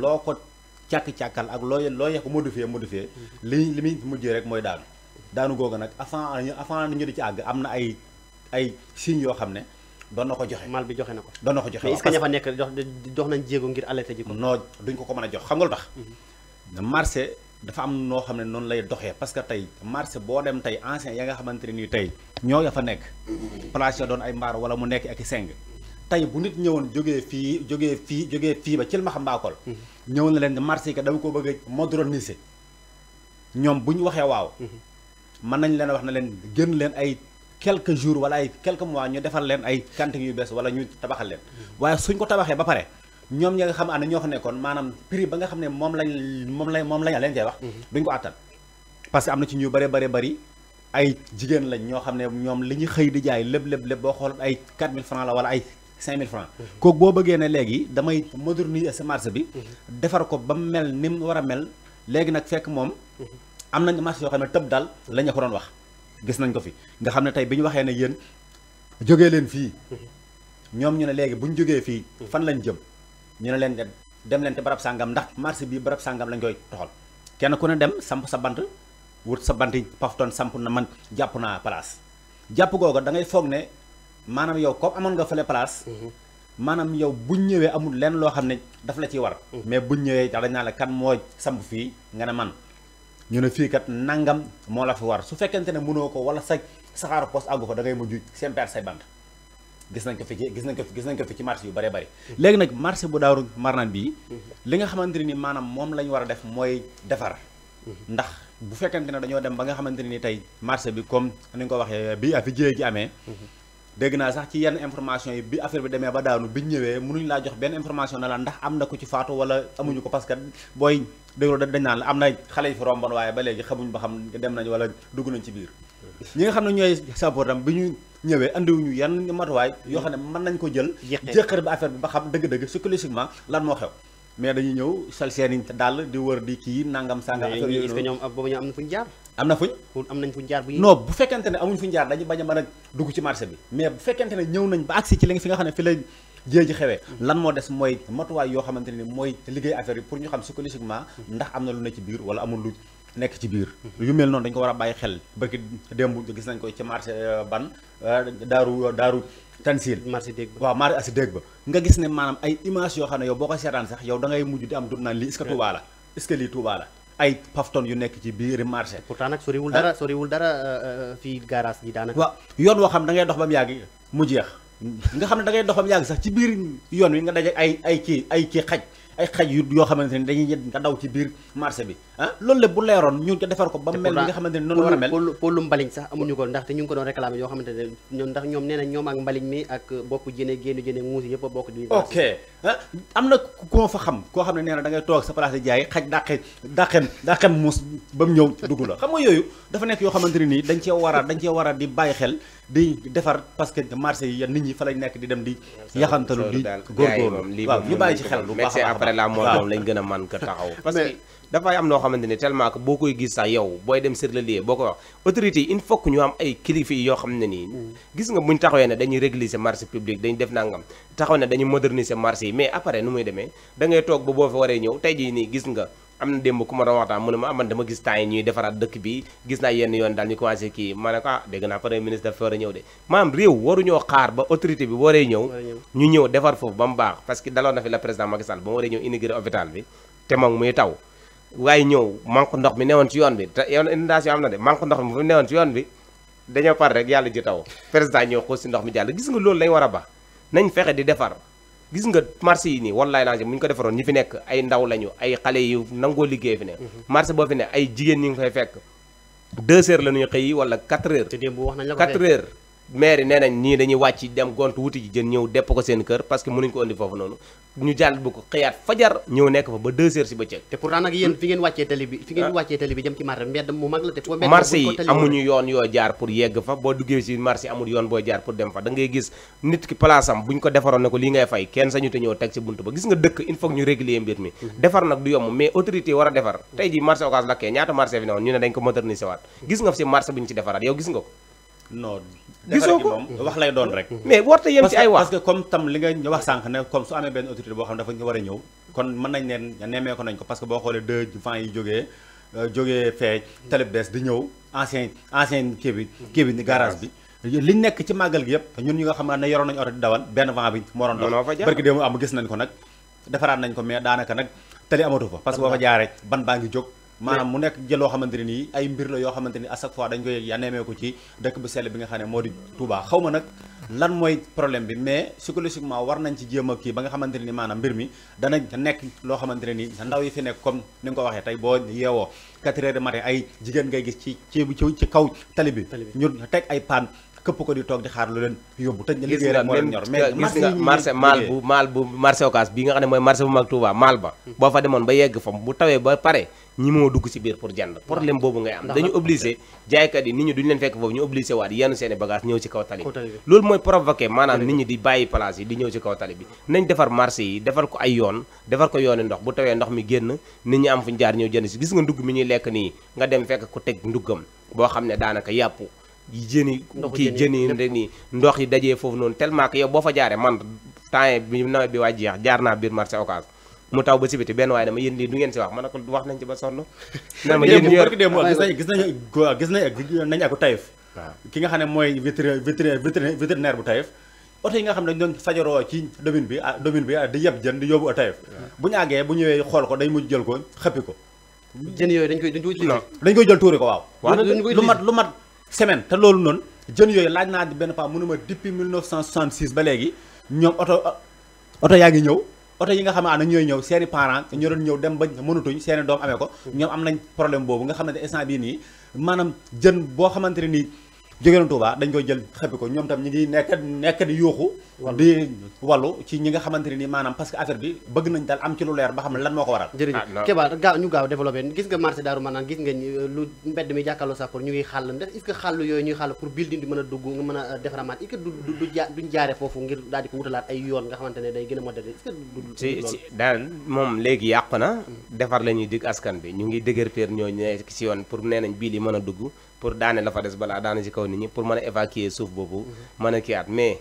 loo ko càkk càkkal ak loo loo yekk modifié modifié mm-hmm. li li muy mujjee rek mooy daanu. daanu googa nag avant avant ñu di ci àgg am na ay ay signes yoo xam ne doon na ko joxe mal bi joxe na ko doon na ko joxe mais est-ce que ña fa dox nañ jéego ngir alerté ji ko non duñ ko ko mën a jox xam nga lu tax mhm. marché dafa am noo xam ne noonu lay doxee parce que tey marché boo dem tey ancien ya nga xamante ne nii tey ñoo ya fa nekk place ya doon ay mbaar wala mu nekk ak i seng tey bu nit ñëwoon jógee fii jógee fii jógee fii ba cil ma xam mbaakol mhm. ñëw na leen marché yi ka dama ko bëgg a moderniser ñoom bu ñu waxee waaw mhm. mën nañ leen wax na leen gën leen ay quelques jour wala ay quelques mois ñu defal leen ay cantines yu bees wala ñu tabaxal leen waaye suñ ko tabaxee ba pare ñoom ñi nga xam ne ñoo fa nekkoon maanaam prix ba nga xam ne moom lañ moom lañ moom lañ leen cee wax mhm. duñ ko àttan parce que am na ci ñu bare bare bari ay jigéen lañ ñoo xam ne ñoom li ñu xëy di jaay lépp lépp lépp boo xool ay 4000 francs la wala ay 5000 francs mhm. kooku boo bëggee ne léegi damay moderniser sa marché bi mhm. defar ko ba mu mel ni mu war a mel léegi nag fekk moom am nañ marché yoo xam ne tëb daal la ñu ko doon wax gis nañ ko fi nga xam ne tey bi ñu waxee ne yéen jóge leen fii ñoom ñu ne léegi bu ñu jógee fii fan lañ jëm ñu ne leen dem leen te barab sàngam ndax marché bi barab sàngam lañ koy toxol kenn ku ne dem samp sa bant wut sa bant yi paftoon samp na man jàpp naa place jàpp googa da ngay foog ne maanaam yow comme amoon nga fële place maanaam yow buñ ñëwee amul lenn loo xam ne daf la ciy war mm-hmm. mais buñ ñëwee dax naa la kan moo samp fii nga ne man ñu ne fii kat nangam moo la fi war su fekkente ne mënoo ko wala sa saxaaru poste àggu ko da ngay mujj seen perte say bant gis nañ ko fi ci gis nañ ko gis nañ ko fi ci marché yu bëree bëri léegi nag marché bu daaru marnaan bii mhm. li nga xamante ni maanaam moom la ñu war a def mooy defar mhm. ndax bu fekkente ne dañoo dem ba nga xamante ne ni tey marché bi comme ni nga ko waxee bi a fi jiyee ji dégg naa sax ci yenn information yi bi affaire bi demee ba daanu biñ ñëwee mënuñ laa jox benn information na la ndax am na ko ci faatu wala amuñu ko parce que booy déglu dañ naan la am na xale yi fi romboon waaye ba léegi xamuñ ba xam dem nañ wala dugg nañ ci biir ñi nga xam ne ñooy sappoortam bi ñu ñëwee indiwuñu yan matuwaay yoo xam ne mën nañ ko jël jéqar bi affaire bi ba xam dëgg-dëgg psychologiquement lan moo xew mais dañuy ñëw sol seeni dàll di wër di kii nangam sànga affaire yooyu est-ce que am na fuñ jaar am na fuñ am nañ bu non fekkente ne amuñ fuñ jaar dañu bañ a mën a dugg ci marché bi mais bu fekkente ne ñëw nañ ba agsi ci li nga fi nga xam ne fi la jée ji xewee mm-hmm. lan moo des mooy matuwaay yoo xamante ni mooy liggéey affaire yi pour ñu xam psychologiquement mm-hmm. ndax am na lu ne ci biir wala amul lu nekk ci biir yu mel noonu dañ ko war a bàyyi xel bëgg démb gis nañ ko ci marché euh, ban euh, daaru euh, daaru tansil marché dégg waaw marché asi dégg ba nga gis ne maanaam ay image yoo xam ne yow boo ko seetaan sax yow da ngay mujj di am dut naan lii est-ce que la que lii Touba la ay pafton yu nekk ci biir marché taa nag soriwul dara ah. soriwul dara fii garage ji daanaka waaw yoon woo xam da ngay dox ba mu yàgg mu jeex nga xam ne da ngay dox ba yàgg sax ci biir yoon wi nga daje ay ay ay kii xaj ay xaj yu yoo xamante ni dañuy yet nga daw ci biir marché bi ah loolu lépp bu leeroon ñu ko defar ko ba mel li nga xamante ni noonu war a mel polu mbaliñ sax amuñu ko ndaxte ñu ngi ko doon réclamer yoo xamante ne ñoom ndax ñoom nee na ñoom ak mbaliñ mi ak bopp jëne génnu jëne muusi yëpp a bokk di ok Ah, am na koo fa xam koo xam ne nee na da ngay toog sa place di jaay xaj dàqe dàqem dàqem muus ba mu ñëw dugg la xam nga yooyu dafa nekk yoo xamante ne nii dañ cee war a dañ cee war a di bàyyi xel di defar parce que marché yi nit ñi fa lañ nekk di dem di yaxantalu di góorgóorlu waaw ñu bàyyi ci xel lu baax a baax après lañ gën a man ka taxaw dafay am noo xamante ne tellement que boo koy gis sax yow booy dem sur le lieu boo ko wax autorité yi ñu am ay kilifa yoo xam ne nii. Mm. gis nga buñ taxawee ne dañuy réguliser marché public dañu def nangam taxaw ne dañuy moderniser marché yi mais après nu muy demee da ngay toog ba boo fa waree ñëw tey jii nii gis nga. am na démb ku ma doon waxtaan mu ne ma ah, man dama gis temps yi ñuy defaraat dëkk bi gis naa yenn yoon daal ñu commencé kii ma ne ko ah dégg naa war a xaar ba autorité bi waree ñëw ñu ñëw defar foofu ba mu baax parce que daloon na fi la président Macky Sall ba mu waree ñëw inaugurer hôpital waaye ñëw manque ndox mi newoon si yoon bi te yoon inondation am na de manque ndox mi fu newoon ci yoon bi dañoo par rek yàlla ji taw président ñëw xool si ndox mi jàll gis nga loolu lañ war a ba nañ fexe di defar gis nga marché yi nii wallaay naa si bu ñu ko defaroon ñi fi nekk ay ndaw lañu ay xale yu nangoo liggéey fi ne mhm. marché boo fi ne ay jigéen ñi ngi fay fekk deux heures la ñuy xëy wala quatre heures quatre heures maire yi nee nañ nii dañuy wàcc dem gont wuti ji jën ñëw depp ko seen kër parce que mënuñ ko noonu ñu jàll bu ko xëyaat fajar ñëw nekk fa ba 2 heures si bëccëg te pourtant nag yéen fi ngeen wàccee ah. amuñu yoon yoo jaar pour yegg fa boo duggee si marché amul yoon boo jaar pour dem fa da ngay gis nit ki place am buñ ko defaroon ne ko li ngay fay kenn sañu te ñëw teg si buntu ba gis nga dëkk il faut ñu réguler mbir mi mm-hmm. defar nag du yomb mais autorité war a defar mm-hmm. tey ji marché Ocass lakkee ñaata marché fi ne woon ñu ne dañ ko moderniser gis nga fi si marché bu ñu ci defaraat yow gis nga ko gisoo ko wax lay doon rek mais warta yem ci ay wax parce que comme tam li nga wax sànq ne comme su amee benn autorité boo xam ne dafa war a ñëw kon mën nañ ne nemmee ko nañ ko parce que boo xoolee deux vents yi jógee euh, jógee fee tali di ñëw ancien ancien kii bi kii bi garage bi liñ nekk ci màggal gi yëpp ñun ñi nga xam ne yoroon nañu oto di dawal benn vent bi moo doon dox barki démb am gis nañ ko nag defaraat nañ ko mais daanaka nag tali amatu fa parce que boo fa jaaree ban baa ngi jóg maanaam mu nekk jël loo xamante ne nii ay mbir la yoo xamante ni à chaque fois dañ koy ya ko ci dëkk bu sell bi nga xam ne moo di Touba xaw ma nag mooy problème bi mais psychologiquement war nañ ci jéem a kii ba nga xamante ne maanaam mbir mi dana nekk loo xamante ne nii ndaw yi fi nekk comme ni ko waxee tey boo yeewoo 4 heures du matin ay jigéen ngay gis ci ci ci kaw tali bi ñu teg ay paan këpp ko di toog di xaar lu leen yóbbu tëj na liggéey rek moo leen ñor mais gis maal bi nga xam ne mooy marché bu mag ba hmm. boo fa demoon ba yegg fa bu tawee ba pare ñi moo dugg ci biir pour jànd problème boobu ngay am dañu obligé jaaykat yi nit ñi duñu leen fekk foofu ñu obligé waat yenn seeni bagage ñëw ci kaw tali bi loolu mooy provoqué maanaam nit ñi di bàyyi place yi di ñëw ci kaw tali bi nañ defar marché yi defar ko ay yoon defar ko yooni ndox bu tawee ndox mi génn nit ñi am fu ñu jaar ñëw jënd ci gis nga ndugg mi ñuy lekk nii nga dem fekk ku teg nduggam boo xam ne daanaka yàpp jën yi kii jën yi rek nii ndox yi dajee foofu noonu tellement boo fa jaare man temps bi bi waa jeex jaar naa biir marché Ocass mu taw ba si biti benn waaye dama yéen lii du ngeen si wax ma ne ko wax nañ ci ba sonn na ma yéen ñëpp gis nañ gis nañ gis nañ nañ ak tayef waaw ki nga xam ne mooy vétérinaire vétérinaire bu tayef oto yi dañ doon fajaroo ci domaine bi ah domaine bi ah, di yeb jën di yóbbu a ko dañ mujj jël ko xëppi na jën dañ koy dañ koy tuuri dañ koy jël tuuri ko waaw lu mat lu mat semaine te loolu noonu jën yooyu laaj naa di benn paa mënuma depuis 1966 ba léegi ñoom oto oto yaa ngi ñëw oto yi nga xam ne ana ñooy ñëw seeni parents ñoo doon ñëw dem ba mënatuñ seeni doom amee ko mm. ñoom am nañ problème boobu nga xamante instant bii nii maanaam jën boo xamante ne nii jóge na dañ koy jël xëppi ko ñoom tam ñi ngi nekk nekk di yuuxu di wàllu ci ñi nga xamante ne nii maanaam parce que bi bëgg nañ daal am ci lu leer ba xam ne lan ah, ngi xàll def est-ce a dugg nga a di ko wutalaat moom léegi yàqu mm. defar la ñuy askan bi ñu ngi dëgër péer ñoo nekk si yoon pour nee nañ bii li mën a dugg pour daane la fa des balaa daane ci kaw nit ñi pour mën a évacuer suuf boobu mën a kiyaat mais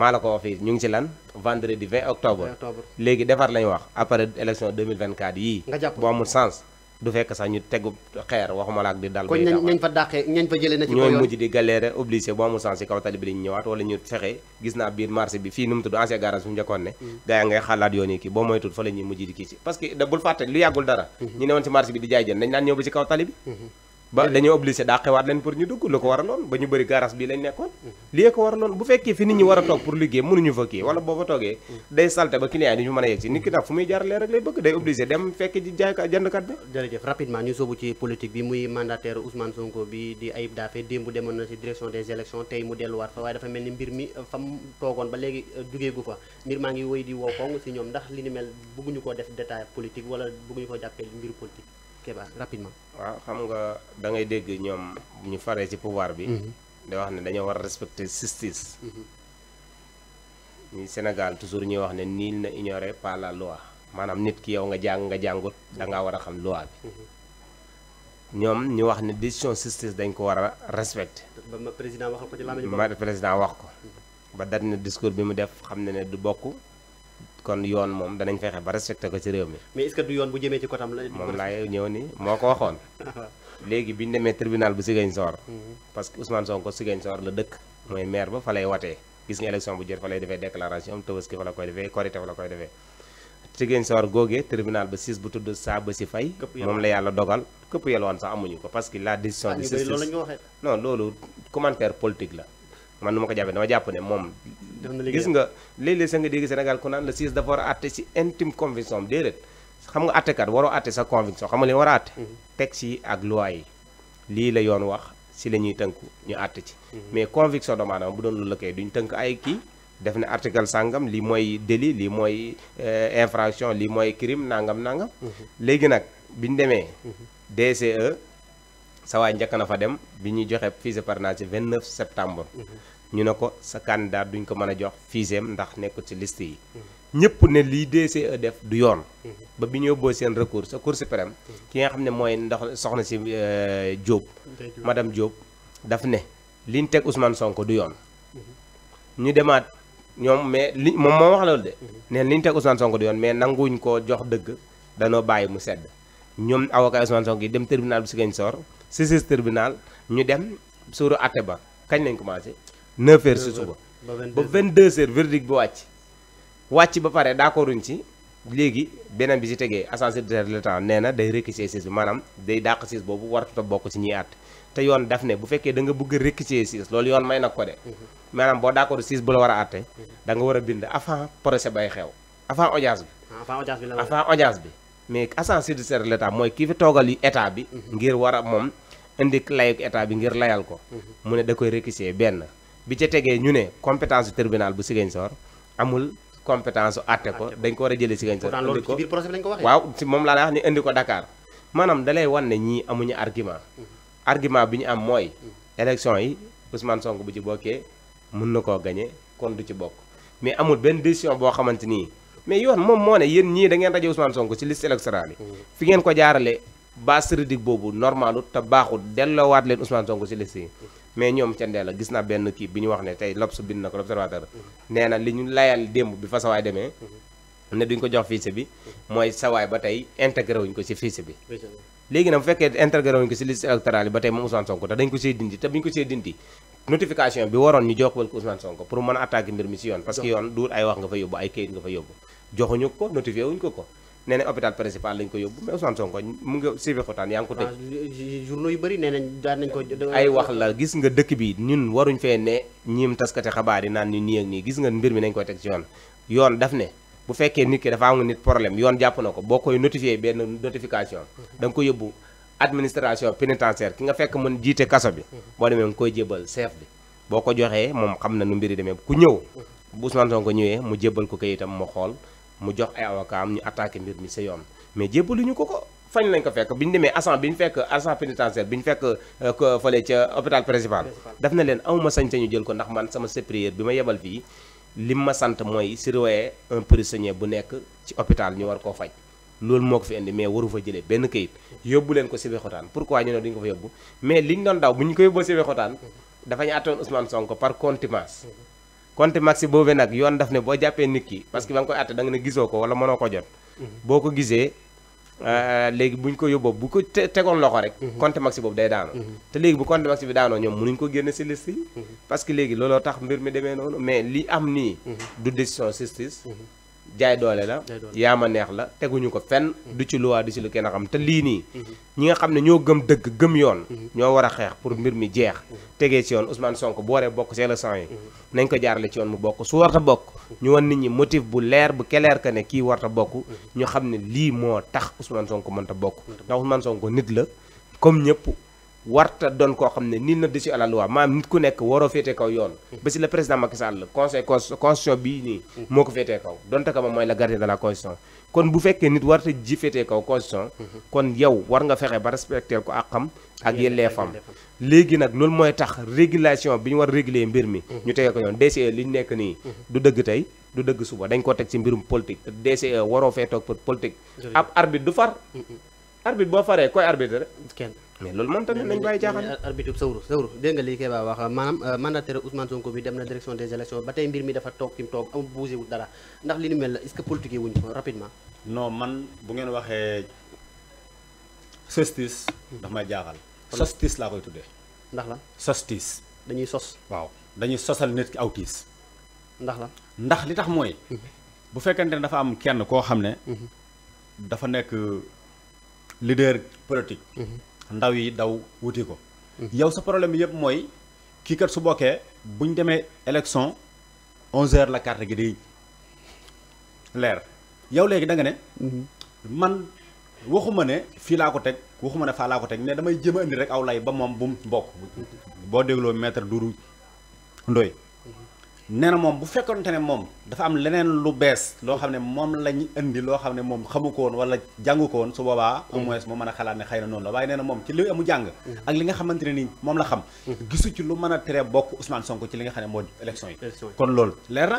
maa la ko wax fii ñu ngi ci lan vendredi 20 octobre léegi defar lañu wax après élection 2024 yii bu amul sens du fekk sax ñu tegu xeer waxuma la ak di dal. kon ñañ na ci ko yoon ñooy mujj di galère obligé boo amul sens si kaw tali bi lañu ñëwaat wala ñu fexe gis naa biir marché bi fii nu mu tudd ancien garage fu njëkkoon ne mm-hmm. gars ngay que da bul fàtte ba dañoo obligé dàqewaat leen pour ñu dugg lu ko waraloon ba ñu bëri garage bi lañ nekkoon mm. lii ko waraloon bu fekkee fi nit ñi war a toog mm. pour liggéey mënuñu fa kii wala boo fa toogee mm. day salte ba client yi duñu mën a yegg si nit ki nag fu muy jaaralee rek lay bëgg day obligé dem fekk ji jaaykat jëndkat rapidement ñu soobu ci politique bi muy mandataire Ousmane Sonko bi di Ayib Daffé démb demoon na si direction des élections tey mu delluwaat fa waaye dafa mel ni mbir mi euh, fam toogoon ba léegi euh, dugeegu fa maa ngi woy di woo kong si ñoom ndax li ni mel ko def détail politique wala bëgguñu ko jàppee mbir politique Keba rapidement. waaw xam nga da ngay dégg ñoom ñu faree ci pouvoir bi. Mhm. da wax ne dañoo war a respecter justice. ñi mhm. Sénégal toujours ñuy wax ne niil na ignorer pas la loi maanaam nit ki yow nga jàng nga jàngut da ngaa war a xam loi bi. Mhm. ñoom ñu wax ne décision justice dañ ko war a respecté. ba ma président waxal ko ci président wax ko. ba dat na discours bi mu def xam ne ne du bokk. kon yoon moom danañ fexe ba respecté ko ci réew mi. yoon bu jëmee ci kotam la. moom laay ñëw ni moo ko waxoon. léegi bi ñu demee tribunal bu Ziguinchor. Mhm. parce que Ousmane Sonko Ziguinchor la dëkk. mooy maire ba fa lay watee gis nga élection bu jot fa lay defee déclaration am Tabaski fa la koy defee Korité fa la koy defee. Ziguinchor googee tribunal ba siis bu tudd Sabassy Faye. moom la yàlla dogal këpp yelwaan sax amuñu ko parce que la décision. de justice non loolu commentaire politique la. man nu ma ko jàppee dama jàpp ne moom. gis nga léeg-léeg sax nga dégg Sénégal ku naan le juge dafa war a àtte si intime conviction am déedéet xam nga àttekat waroo àtte sa conviction xam nga li war a àtte. Mhm. texte yi ak loi yi lii la yoon wax si la ñuy tënku ñu àtte ci. Mhm. mais conviction doomu aadama bu doon lu lëkkale duñ tënk ay kii. def ne article sàngam lii mooy délit lii mooy euh, infraction lii mooy crime nangam nangam. Mhm. léegi nag biñ demee. DCE. sa waay njëkk na fa dem bi ñu joxe fiche parrainage ci 29 septembre. Mhm. ñu ne ko sa candidat duñ ko mën a jox ficheem ndax nekkul ci liste yi. Mhm. ñëpp ne lii DCE def du yoon. Mhm. ba bi ñu yóbboo seen recours sa Cour suprême. ki nga xam ne mooy ndax soxna si euh, Diop. madame Diop daf ne liñ teg Ousmane Sonko du yoon. ñu demaat ñoom mais li moom moo wax loolu de. ne ñu teg Ousmane Sonko du yoon mais nanguwuñ koo jox dëgg danoo bàyyi mu sedd ñoom avocat Ousmane Sonko yi dem tribunal bu Ziguinchor. 6 tribunal ñu dem suuru àtte ba kañ lañ commencé 9 heures si ba 22 heures verdict bi wàcc wàcc ba pare d'accorduñ ci léegi beneen bi ci tegee ascenseur de temps nee na day réquisition siis bi maanaam day dàq siis boobu wartuta bokk ci ñiy àtte te yoon def ne bu fekkee da nga bëgg a réquisition siis loolu yoon may na ko de mhm. maanaam boo d'accord siis bu la war a àtte mhm. da war a bind avant procès bay xew avant audience bi ah, avant audience bi mais ascenseur de mooy kii fi toogal yi état mhm. ngir war a moom indi layuk état bi ngir layal ko mhm. mu ne da koy réquisier benn bi ca tegee ñu ne compétence tribunal bu Ziguinchor amul compétence su àtte ko dañ ko war a jëlee Ziguinchor indi ko waaw si moom laa lay wax ni ko Dakar maanaam wan ne ñii amuñu argument mhm. argument bi ñu am mooy mhm. élection yi Ousmane Sonko bu ci bokkee mun na koo gañe kon du ci bokk mais amul benn décision boo xamante nii mais yoon moom moo ne yéen ñii da ngeen rajo Ousmane Sonko ci liste électorale yi fi ngeen ko jaarale base juridique boobu normalu te baaxul delloowaat leen Ousmane Sonko ci liste yi mais ñoom ca ndee gis na benn kii bi ñu wax ne tey L'Obs bind na ko l'observateur nee na li ñu layal démb bi fa sawaay demee ne duñ ko jox fiise bi mooy sawaay ba tey intégré wuñ ko ci fiise bi léegi nag bu fekkee intégré wuñ ko ci liste électorale yi ba tey moom Ousmane Sonko te dañ ko see te bu ñu ko see dindi notification bi waroon ñu joxwal ko Ousmane Sonko pour mën a attaquer mbir mi ci yoon parce que yoon duur ay wax ko wuñ ko ko nee nañ hôpital principal lañ ko yóbbu mais Ousmane Sonko mu ngi suivi xotaan yaa ngi ko tëj. journaux bëri nee nañ daan nañ ko. ay wax la gis nga dëkk bi ñun waruñ fee ne ñiim taskati xabaar yi naan ni nii ak nii gis nga mbir mi nañ koy teg ci yoon yoon daf ne. bu fekkee nit ki dafa am nit problème yoon jàpp na ko boo koy notifié benn notification mhm. da nga ko yóbbu administration pénitentiaire ki nga fekk mën jiite kaso bi mhm. boo demee nga koy jébal chef bi boo ko joxee moom xam na nu mbiri demee ku ñëw mhm. bu Ousmane Sonko ñëwee mu jébal ko kayitam mu xool mu jox ay avocat am ñu attaqué mbir mi sa yoon mais ñu ko ko fañ lañ ko fekk bi ñu demee agent bi ñu fekk agent pénitentiaire bi ñu fekk euh, fële ca hôpital principal daf na leen amuma sañ-sañu jël ko ndax man sama supérieur bi ma yebal fii lim ma sant mooy surveiller un prisonnier bu nekk ci hôpital ñu war koo faj loolu moo ko fi indi mais waru fa jëlee benn kayit yóbbu leen ko Sébikotane pourquoi ñu ne duñ ko fa yóbbu mais liñ doon daw bu ñu ko yóbboo Sébikotane dafa ñu àttoon Ousmane Sonko par contumace Conte Maxi boobe nag yoon daf ne boo jàppee nit ki parce que ba nga koy àtte da nga ne gisoo ko wala mënoo ko jot mhm. boo ko gisee euh, léegi buñ ko yóbboo bu ko tegoon loxo rek Conte mhm. Maxi boobu day daanoo mhm. te léegi bu Conte Maxi bi daanoo ñoom mënuñ ko génne si liste yi parce que léegi looloo tax mbir mi demee noonu mais li am nii du décision justice jaay doole la yaa ma neex la teguñu ko fenn mm-hmm. du ci luwaa du ci lu kenn xam te lii nii mm-hmm. ñi nga xam ne ñoo gëm dëgg gëm yoon mm-hmm. ñoo war a xeex pour mbir mi jeex tegee ci yoon Ousmane sonk bu waree bokk see ci élection yi nañ ko jaarale ci yoon mu bokk su warta bokk ñu wan nit ñi motif bu leer bu keleer ka ne kii warta bokk ñu xam ne lii moo tax Ousmane Sonko mënta bokk ndax Ousmane Sonko nit la comme ñëpp warta doon koo xam ne nii na dessus à la loi maanaam nit ku nekk waroo féetee kaw yoon mm. ba si le président Macky Sall conseil constitution bii nii mm. moo ko féetee kaw donte ka moom mooy la gardien de la constitution kon bu fekkee nit warta ji féetee kaw constitution mm-hmm. kon yow war nga fexe ba respecter ko ak xam ak yelleefam léegi nag loolu mooy tax régulation bi ñu war réguler mbir mi mm-hmm. ñu tegee ko yoon DCE li ñu nekk nii mm-hmm. du dëgg tey du dëgg suba dañ ko teg ci mbirum politique DCE waroo fee toog pour politique ab arbitre du far arbitre boo faree koy arbitre rek mais loolu moom tamit nañ bàyyi jaaxal arbitre sawru sawru dégg nga lii Keba ah, ah, Sonko bi dem na direction des élections ba tey mbir mi dafa toog fi mu toog amul bougé wu dara ndax li ni mel la est-ce que politique wuñ ko rapidement non man bu ngeen waxee sostis dafa may jaaxal sostis laa koy tuddee ndax la sostis dañuy sos waaw dañuy sosal nit aw awtiis ndax la ndax li tax mooy mhm. bu fekkente ne dafa am kenn koo xam ne mhm. dafa nekk leader politique mhm. ndaw yi daw wuti ko. Mhm. yow sa problème bi yëpp mooy kii kat su bokkee bu ñu demee élection 11h la carte gi di leer yow léegi danga ne. Mhm. man waxuma ne fii laa ko teg waxuma ne faa laa ko teg ne damay jéem indi rek aw lay ba moom bu mu bokk. boo dégloo du Doudou Ndoye. nee na moom bu fekkonte ne moom dafa am leneen lu bees loo xam ne moom lañu indi loo xam ne moom xamu ko woon wala jàngu ko woon su boobaa au moins mu mën a xalaat ne xay na noonu la waaye nee moom ci li amu jàng ak li nga xamante ne nii moom la xam gisu ci lu mën a tere bokk Ousmane Sonko ci li nga xam ne moo élection yi kon loolu leer na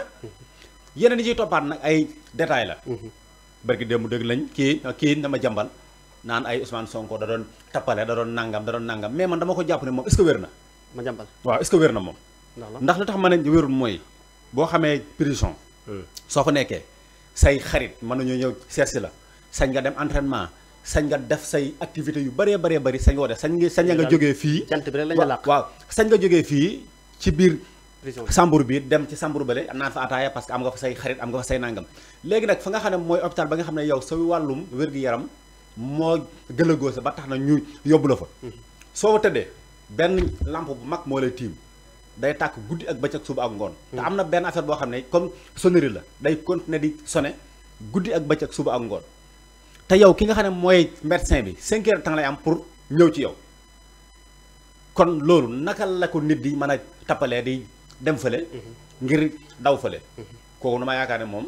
yeneen yi ciy toppaat nag ay détails la mhm. barki mu dëgg lañ kii kii dama jàmbal naan ay Ousmane Sonko da doon tappale da doon nangam da doon mais man dama ko jàpp ne moom wér na ma jàmbal waaw est wér na moom ndax la tax ma ne wérul mooy boo xamee prison hmm. soo fa nekkee say xarit mën nañoo ñëw seet si la sañ nga dem entraînement sañ nga def say activités yu bëree bëree bari sañ nga ko def sañ nga sañ nga jógee fii jant bi rek lañ la làq waaw sañ nga jógee fii ci biir sambur bi dem ci sambur bale naan fa ataaya parce que am nga fa say xarit am nga fa say nangam léegi nag fa nga xam ne mooy hôpital ba nga xam ne yow sa wàllum wér-gu-yaram moo gëlagoo sa ba tax na ñu yóbbu la fa hmm. soo tëddee benn lampe bu mag moo lay tiim day tàkk guddi ak bëccëg suba ak ngoon te am na benn affaire boo xam ne comme sonnerie la day continuer di sonné guddi ak bëccëg suba ak ngoon te yow ki nga xam ne mooy médecin bi cinq heures temps lay am pour ñëw ci yow kon loolu naka la ko nit di mën a tappalee di dem fale ngir daw fële kooku dama yaakaar ne moom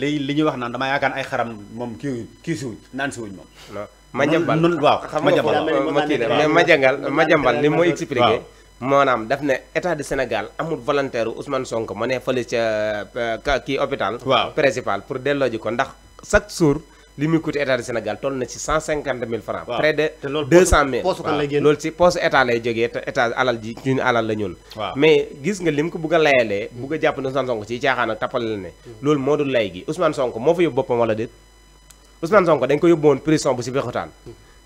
li li ñu wax naan dama yaakaar ay xaram moom kii kii siwuñ naan siwuñ moom ma jambal waaw ma jambal ma jambal li moo expliqué maanaam daf ne état du Sénégal amul volontaire Ousmane sonk ma ne fële ca euh, kii hôpital. waaw principal pour delloo ji ko ndax chaque jour. li muy coûté état du Sénégal toll na ci cent cinquante mille francs près de deux cent mille loolu ci poche état lay jógee te état alal ji ñun alal la ñun mais gis nga lim ko bugg layalee bugg a jàpp ne Ousmane Sonko ci caaxaan ak tappale ne loolu moo dul lay gi Ousmane Sonko moo fa yóbbu boppam wala déet Ousmane Sonko dañ ko yóbbu woon prison bu si bexotaan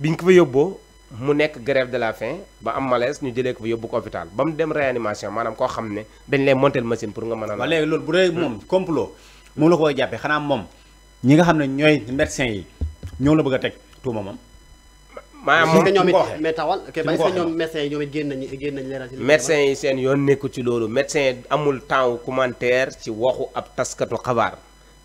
biñ ko fa yóbboo mu nekk grève de la fin ba am malaise ñu jëlee ko fa yóbbu ko hôpital ba mu dem réanimation maanaam koo xam ne dañ lay monter machine pour nga mën a. waaw léegi loolu bu dee moom complot moom la koo jàppee xanaa moom ñi nga xam ne ñooy médecins yi ñoom la bëgg a teg tuuma moom. maanaam moom ñoom it mais tawal ok ba est-ce que ñoom médecins yi ñoom it génn nañu seen yoon nekku ci loolu médecin yi amul temps commentaire ci waxu ab taskatu xabaar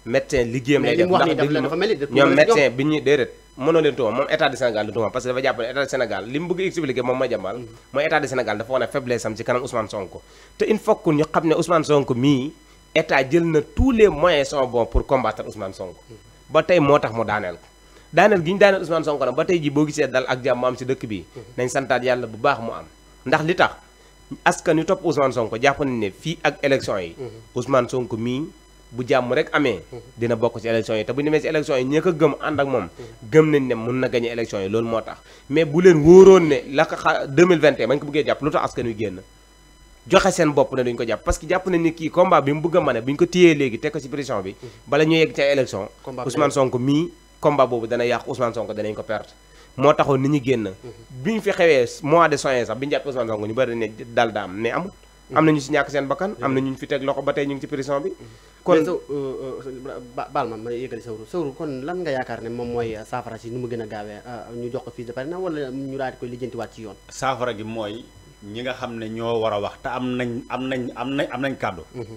médecin liggéeyam lay def ndax ñoom médecin bi ñu déedéet mënoo leen tuuma moom état du Sénégal du tuuma parce que dafa jàpp ne état du Sénégal li mu bëgg expliquer moom ma jàmbal mm. mooy état du Sénégal dafa wane faiblesse am ci kanam Ousmane Sonko te il faut ñu xam ne Ousmane Sonko mii état jël na tous les moyens sont bons pour combattre Ousmane Sonko mm. ba tey moo tax mu daaneel ko daaneel gi ñu daaneel Ousmane Sonko nag ba tey jii boo gisee dal ak jàmm mu am si dëkk bi mm. nañ santaat yàlla bu baax mu am ndax li tax askan yu topp Ousmane Sonko jàpp nañ fii ak élection yi Ousmane mii bu jàmm rek amee dina bokk ci élection yi te bu demee ci élection yi ñi gëm ànd ak moom gëm nañ ne mun na gagné élection yi loolu moo tax mais bu leen wóoroon ne la ko xa 2021 bañ ko bëggee jàpp lu tax askan wi génn joxe seen bopp ne duñ ko jàpp parce que jàpp nañ ni kii combat bi mu bëgg a mane bu ñu ko téyee léegi teg ko ci pression bi bala ñu yegg ca élection Ousmane Sonko mii combat boobu dana yàq Ousmane Sonko danañ ko perte moo taxoon ni ñu génn mhm. bi ñu fi xewee mois de juin bi ñu ñu bëri ne dal daam mais am na ñu si ñàkk seen bakkan am na ñu fi teg loxo ba tey ñu ngi ci prison bi kon euh, euh, baal ma ma yëgali sawru sawru kon lan nga yaakaar ne moom mooy euh, saafara si nu ma gën a gaawee ñu jox ko fii de parrainage wala ñu daal di koy lijjantiwaat ci yoon saafara gi ñi nga xam ne ñoo war a wax te am nañ am nañ am nañ am nañ kàddu mhm.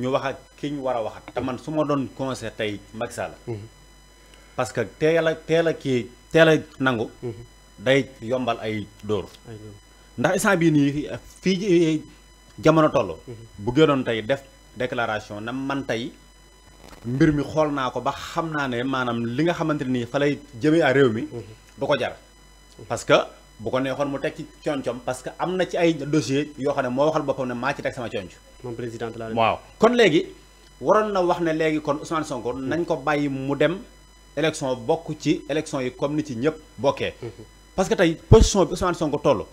ñu wax ak ki ñu war a wax te man su ma doon conseil tey Macky Sall mhm. parce que teel a teel a kii teel a nangu mhm. day yombal ay dóor ndax instant bii nii fii jamono toll. Mm-hmm. bu gënoon tey def déclaration na man tey mbir mi xool naa ko ba xam naa ne maanaam li nga xamante nii fa lay jëmee a réew mi. Mm-hmm. du ko jar parce que bu ko neexoon mu teg ci coñcoom parce que am na ci ay dossier yoo xam ne moo waxal boppam ne maa ci teg sama coñc. moom président la waaw kon léegi waroon na wax ne léegi kon Ousmane Sonko mm-hmm. nañ ko bàyyi mu dem élection bokk ci élection yi comme ni ci ñëpp bokkee. parce que tey position bi Ousmane Sonko toll.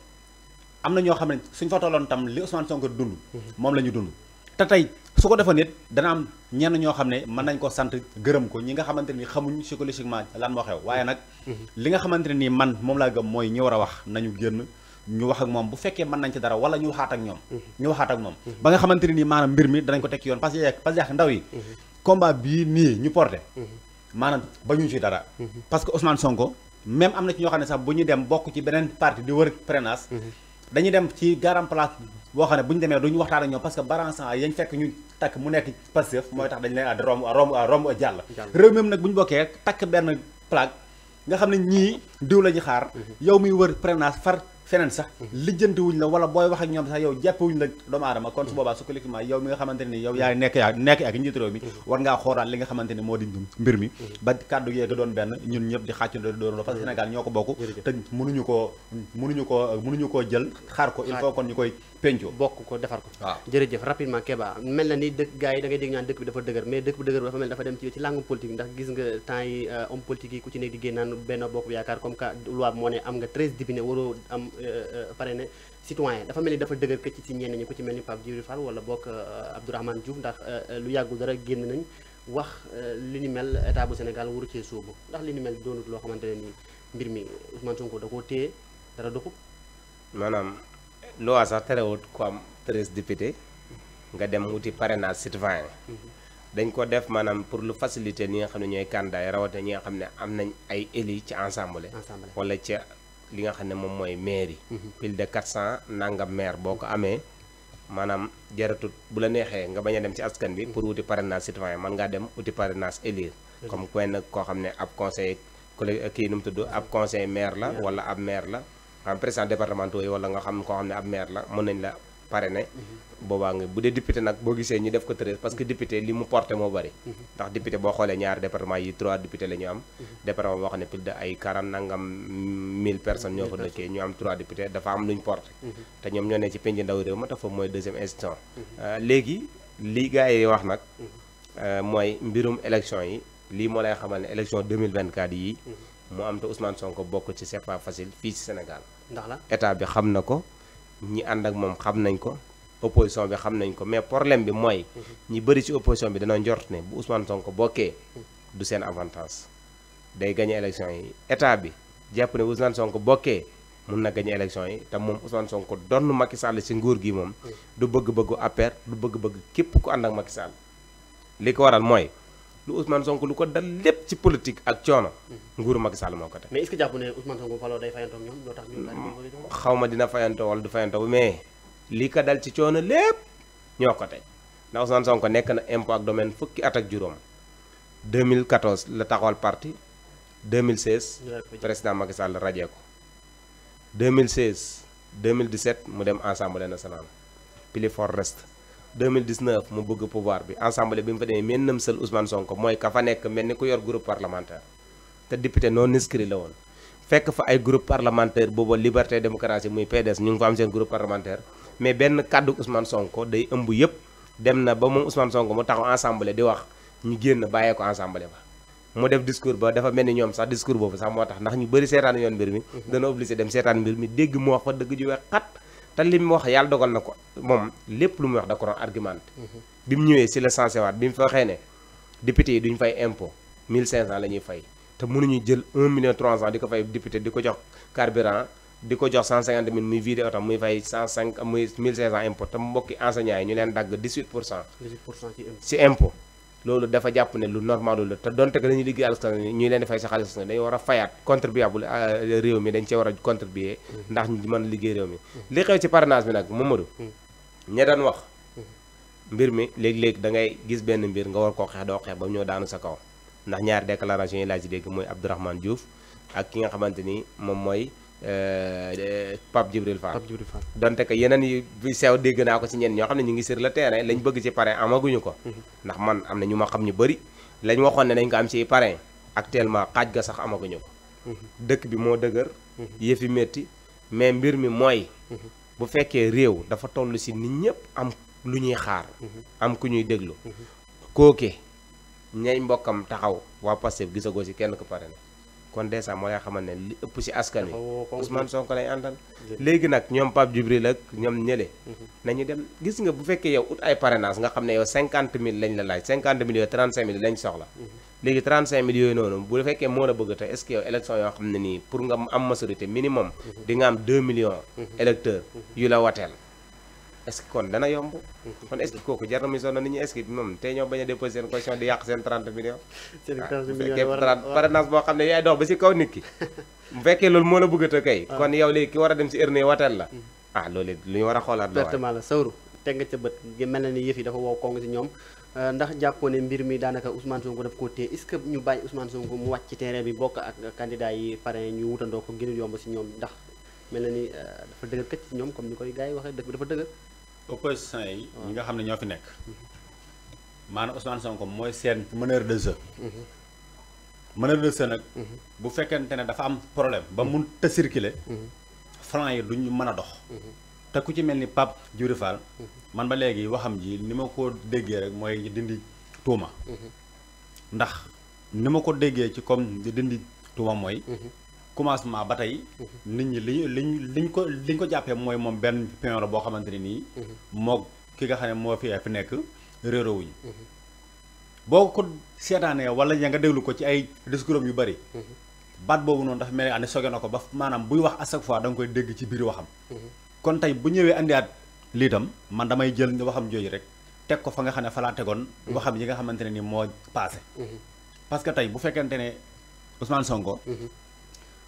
am na ñoo xam ne suñ fa tolloon tam li Ousmane Sonko dund mhm. moom la ñu dund te tey su ko defoon it dana am ñenn ñoo xam ne mën nañ ko sant gërëm ko ñi nga xamante ni xamuñ psychologiquement lan moo xew waaye mhm. li nga xamante ne nii man moom laa gëm mooy ñi war a wax nañu génn ñu wax ak moom bu fekkee mën nañ ci dara wala ñu waxaat ak ñoom mhm. ñu waxaat ak moom ba nga xamante ne nii maanaam mbir mi danañ ko tekki yoon parce que parce que ndaw yi combat bii nii ñu porté maanaam ba ñu ci dara parce que Ousmane Sonko même am na ci ñoo xam ne sax bu ñu dem bokk ci beneen parti di wër prénance dañuy dem ci garam place boo xam ne bu ñu demee duñu waxtaan ak ñoom parce que baransan yañ fekk ñu takk mu nekk Pastef mooy tax dañ leen a romb romb romb jàll réew même nag bu ñu bokkee takk benn plaque nga xam ne ñii diw la ñu xaar mhm. yow muy wër prévenance far feneen sax lijjanti wuñ la wala booy wax ak ñoom sax yow jàppewuñ la doomu aadama kon su boobaa su collectivement yow mi nga xamante ni yow yaa nekk yaa nekk ak njiitu réew mi war ngaa xooraat li nga xamante ni moo di mbir mi ba kàddu yeeg doon benn ñun ñëpp di xàccandoo doon loo parce que Sénégal ñoo ko bokk te mënuñu koo mënuñu koo mënuñu koo jël xaar ko il faut kon ñu koy penco bokk ko defar ko waaw ah. jërëjëf rapidement Keba mel na ni dëkk gars yi da ngay dégg dëkk bi dafa dëgër mais dëkk bu dëgër bi dafa mel dafa dem ci ci langue politique ndax gis nga temps yi euh, homme politique yi ku ci nekk di génn naan euh, euh, ku ci mel ni Pape Djibril Fall wala bokk Abdourahmane Diouf ndax lu yàggul dara génn nañ wax li ni mel état bu Sénégal waru cee suubu ndax li ni mel doonut loo xamante ne ni mbir mi Ousmane Sonko da koo téye dara doxub loi sax terewut ku am treize député nga dem wuti parrainage citoyen dañ ko def maanaam pour lu facilité li nga xam ne ñooy kandaay yi rawatina ñi xam ne am nañ ay élus ci ensemble wala ca li nga xam ne moom mooy mairie mhm. pile de quatre cent nangam maire boo ko amee maanaam jaratut bu la neexee nga bañ a dem ci askan bi pour wuti parrainage citoyen man ngaa dem wuti parrainage élire comme kenn koo xam ne ab conseil collègue kii nu mu tudd ab conseil maire la wala ab maire la xam président départementaux yi wala nga xam koo xam ne ab maire la mën nañ la parrainer mhm. boobaa nga bu dee député nag boo gisee ñu def ko treize parce que député li mu porté moo bëri mhm. ndax député boo xoolee ñaari département yi trois député la ñu am mhm. département boo xam ne plus da ay 40 nangam mille personnes ñoo fa dëkkee ñu am trois député dafa am lu ñu te ñoom ñoo ne ci penc ndaw réew ma te foofu mooy deuxième instant euh, léegi li gars yi wax nag euh, mooy mbirum élection yi lii moo lay xamal ne élection 2024 yi mu am te Ousmane Sonko bokk ci c'est pas facile fii ci Sénégal. ndax la état bi xam na ko ñi ànd ak moom xam nañ ko opposition bi xam nañ ko mais problème bi mooy. Mhm. ñi bëri ci opposition bi dana njort ne bu Ousmane Sonko bokkee. Mhm. du seen avantage. day gagné élection yi état bi jàpp ne Ousmane Sonko bokkee mun na gagné élection yi te moom Ousmane Sonko donn Macky Sall ci nguur gi moom. Mhm. du bëgg-bëggu APR du bëgg-bëgg képp ku ànd ak Macky Sall li ko waral mooy. lu usman Sonko lu ko dal lépp ci politique ak coono. Mm-hmm. nguuru Macky Sall moo ko teg. mais est loo tax ñu. xaw dina fayantoo wala du fayantoo mais li ko dal ci coono lépp ñoo ko teg ndax Ousmane Sonko nekk na impôt ak domaine fukki at ak juróom 2014 la taxawal parti 2016. président Macky Sall rajee ko 2016 2017 mu dem Assemblée nationale. plus fort reste. 2019 mu bëgg pouvoir bi ensemble bi mu fa demee mel nam sël mooy ka fa nekk mel ni ku yor groupe parlementaire te député non inscrit la woon fekk fa ay groupe parlementaire booba liberté démocratie muy PDS ñu ngi fa am seen groupe parlementaire mais benn kàddu Ousmane Sonko day ëmb yëpp dem na ba moom Ousmane Sonko mu taxaw ensemble di wax ñu génn bàyyee ko ensemble ba mu def discours ba dafa mel ni ñoom sax discours boobu sax moo tax ndax ñu bëri seetaan yoon mbir mi mhm. te li mu wax yàlla dogal na ko moom lépp lu mu wax da ko doon argumenté mhm. bi mu ñëwee si la sensé waat bi mu waxee ne député yi duñ fay impôt 1500 la ñuy fay te mënuñu jël 1 million 300 di ko fay député di ko jox carburant di ko jox 150 mille muy vidé oto muy fay 105 muy 1500 impôt te mbokki enseignants yi ñu leen dagg 18 pour pour cent ci impôt loolu dafa jàpp ne lu normal la te donte que dañuy liggéey askan wi ñuy leen di fay sa xaalis dañu war a fayaat contribuable euh, réew mi dañ cee war a contribuer ndax ñu mën a liggéey réew mi li xew ci parrainage bi nag Mamadou ña daan wax mbir mi léeg-léeg da ngay gis benn mbir nga war koo xeex doo xeex ba ñoo ñëw daanu sa kaw ndax ñaari déclaration yi laa ci dégg mooy Abdourahmane Diouf ak ki nga xamante ni moom mooy Euh, Pape Djibril Fall. Pape Djibril Fall donte que yeneen yi sew dégg naa ko ci ñenn ñoo xam ne ñu ngi sur le terrain lañ bëgg ci parrain amaguñu ko. Mhm. ndax man am na ñu ma xam ñu bëri lañ waxoon ne nañ ko am ci pare actuellement xaaj ga sax amaguñu ko. Mhm. dëkk bi moo dëgër. Mhm. yëfi métti mais mbir mi mooy. bu fekkee réew dafa toll ci nit ñëpp am lu ñuy xaar. am ku ñuy déglu. kooke ñay mbokkam taxaw waa Pastef gisagoo ci kenn ko pare na kon dèjà moo lay xamal ne li ëpp ci askan wi Ousmane Sonko lay àndal léegi nag ñoom Pape Djibril ak ñoom ñële mhm. nañu dem gis nga bu fekkee yow ut ay parrainage nga xam ne yow 50 000 lañ la laaj 50 000 yooyu mille 000 lañ soxla mhm. léegi 35 000 yooyu noonu bu fekkee moo la bëgg te est-ce que yow élection yoo xam ne nii pour nga am majorité minimum mhm. di nga am 2 millions électeurs yu la wateel est-ce que kon dana yomb. kon est-ce que kooku na muy sonn nit moom tey ñoo bañ a déposé seen di yàq seen 30 millions. seen 30 ah, millions ba si a tëkkay. Ah. kon yow léegi ki war a dem si urne wateel la. Mm-hmm. ah loolu it ñoom. Euh, ndax bi bokk ak candidat yi parrain a yomb si ñoom ndax mel na ni euh, dafa dëgër këcc ci ñoom comme ni koy gars yi waxee dëgg dafa dëgër opposition yi. ñi nga xam ne ñoo fi nekk. Mm-hmm. maanaam Ousmane Sonko mooy seen meneur de jeu. Mm-hmm. meneur de jeu nag. Mm-hmm. bu fekkente ne dafa am problème ba mun te circuler. franc yi duñu mën a dox. te ku ci mel ni Pape Djibril Fall man ba léegi waxam ji ni ma ko déggee rek mooy dindi tuuma. ndax ni ma ko déggee ci comme dindi tuuma mooy. commencement ba tey. Mhm. nit ñi li li liñ ko liñ ko jàppee mooy moom benn pion boo xamante ne nii. Mhm. moo ki nga xam ne moo fi fi nekk réeróo wuñ mhm. boo ko seetaanee wala ya nga déglu ko ci ay discours yu bari. baat boobu noonu dafa mel ni soogee na ko ba maanaam buy wax à chaque fois da koy dégg ci biir waxam. kon tey bu ñëwee andiwaat liitam man damay jël waxam jooju rek teg ko fa nga xam ne fa laa tegoon. waxam yi nga xamante ne nii moo paase. parce que tey bu fekkente ne Ousmane Sonko.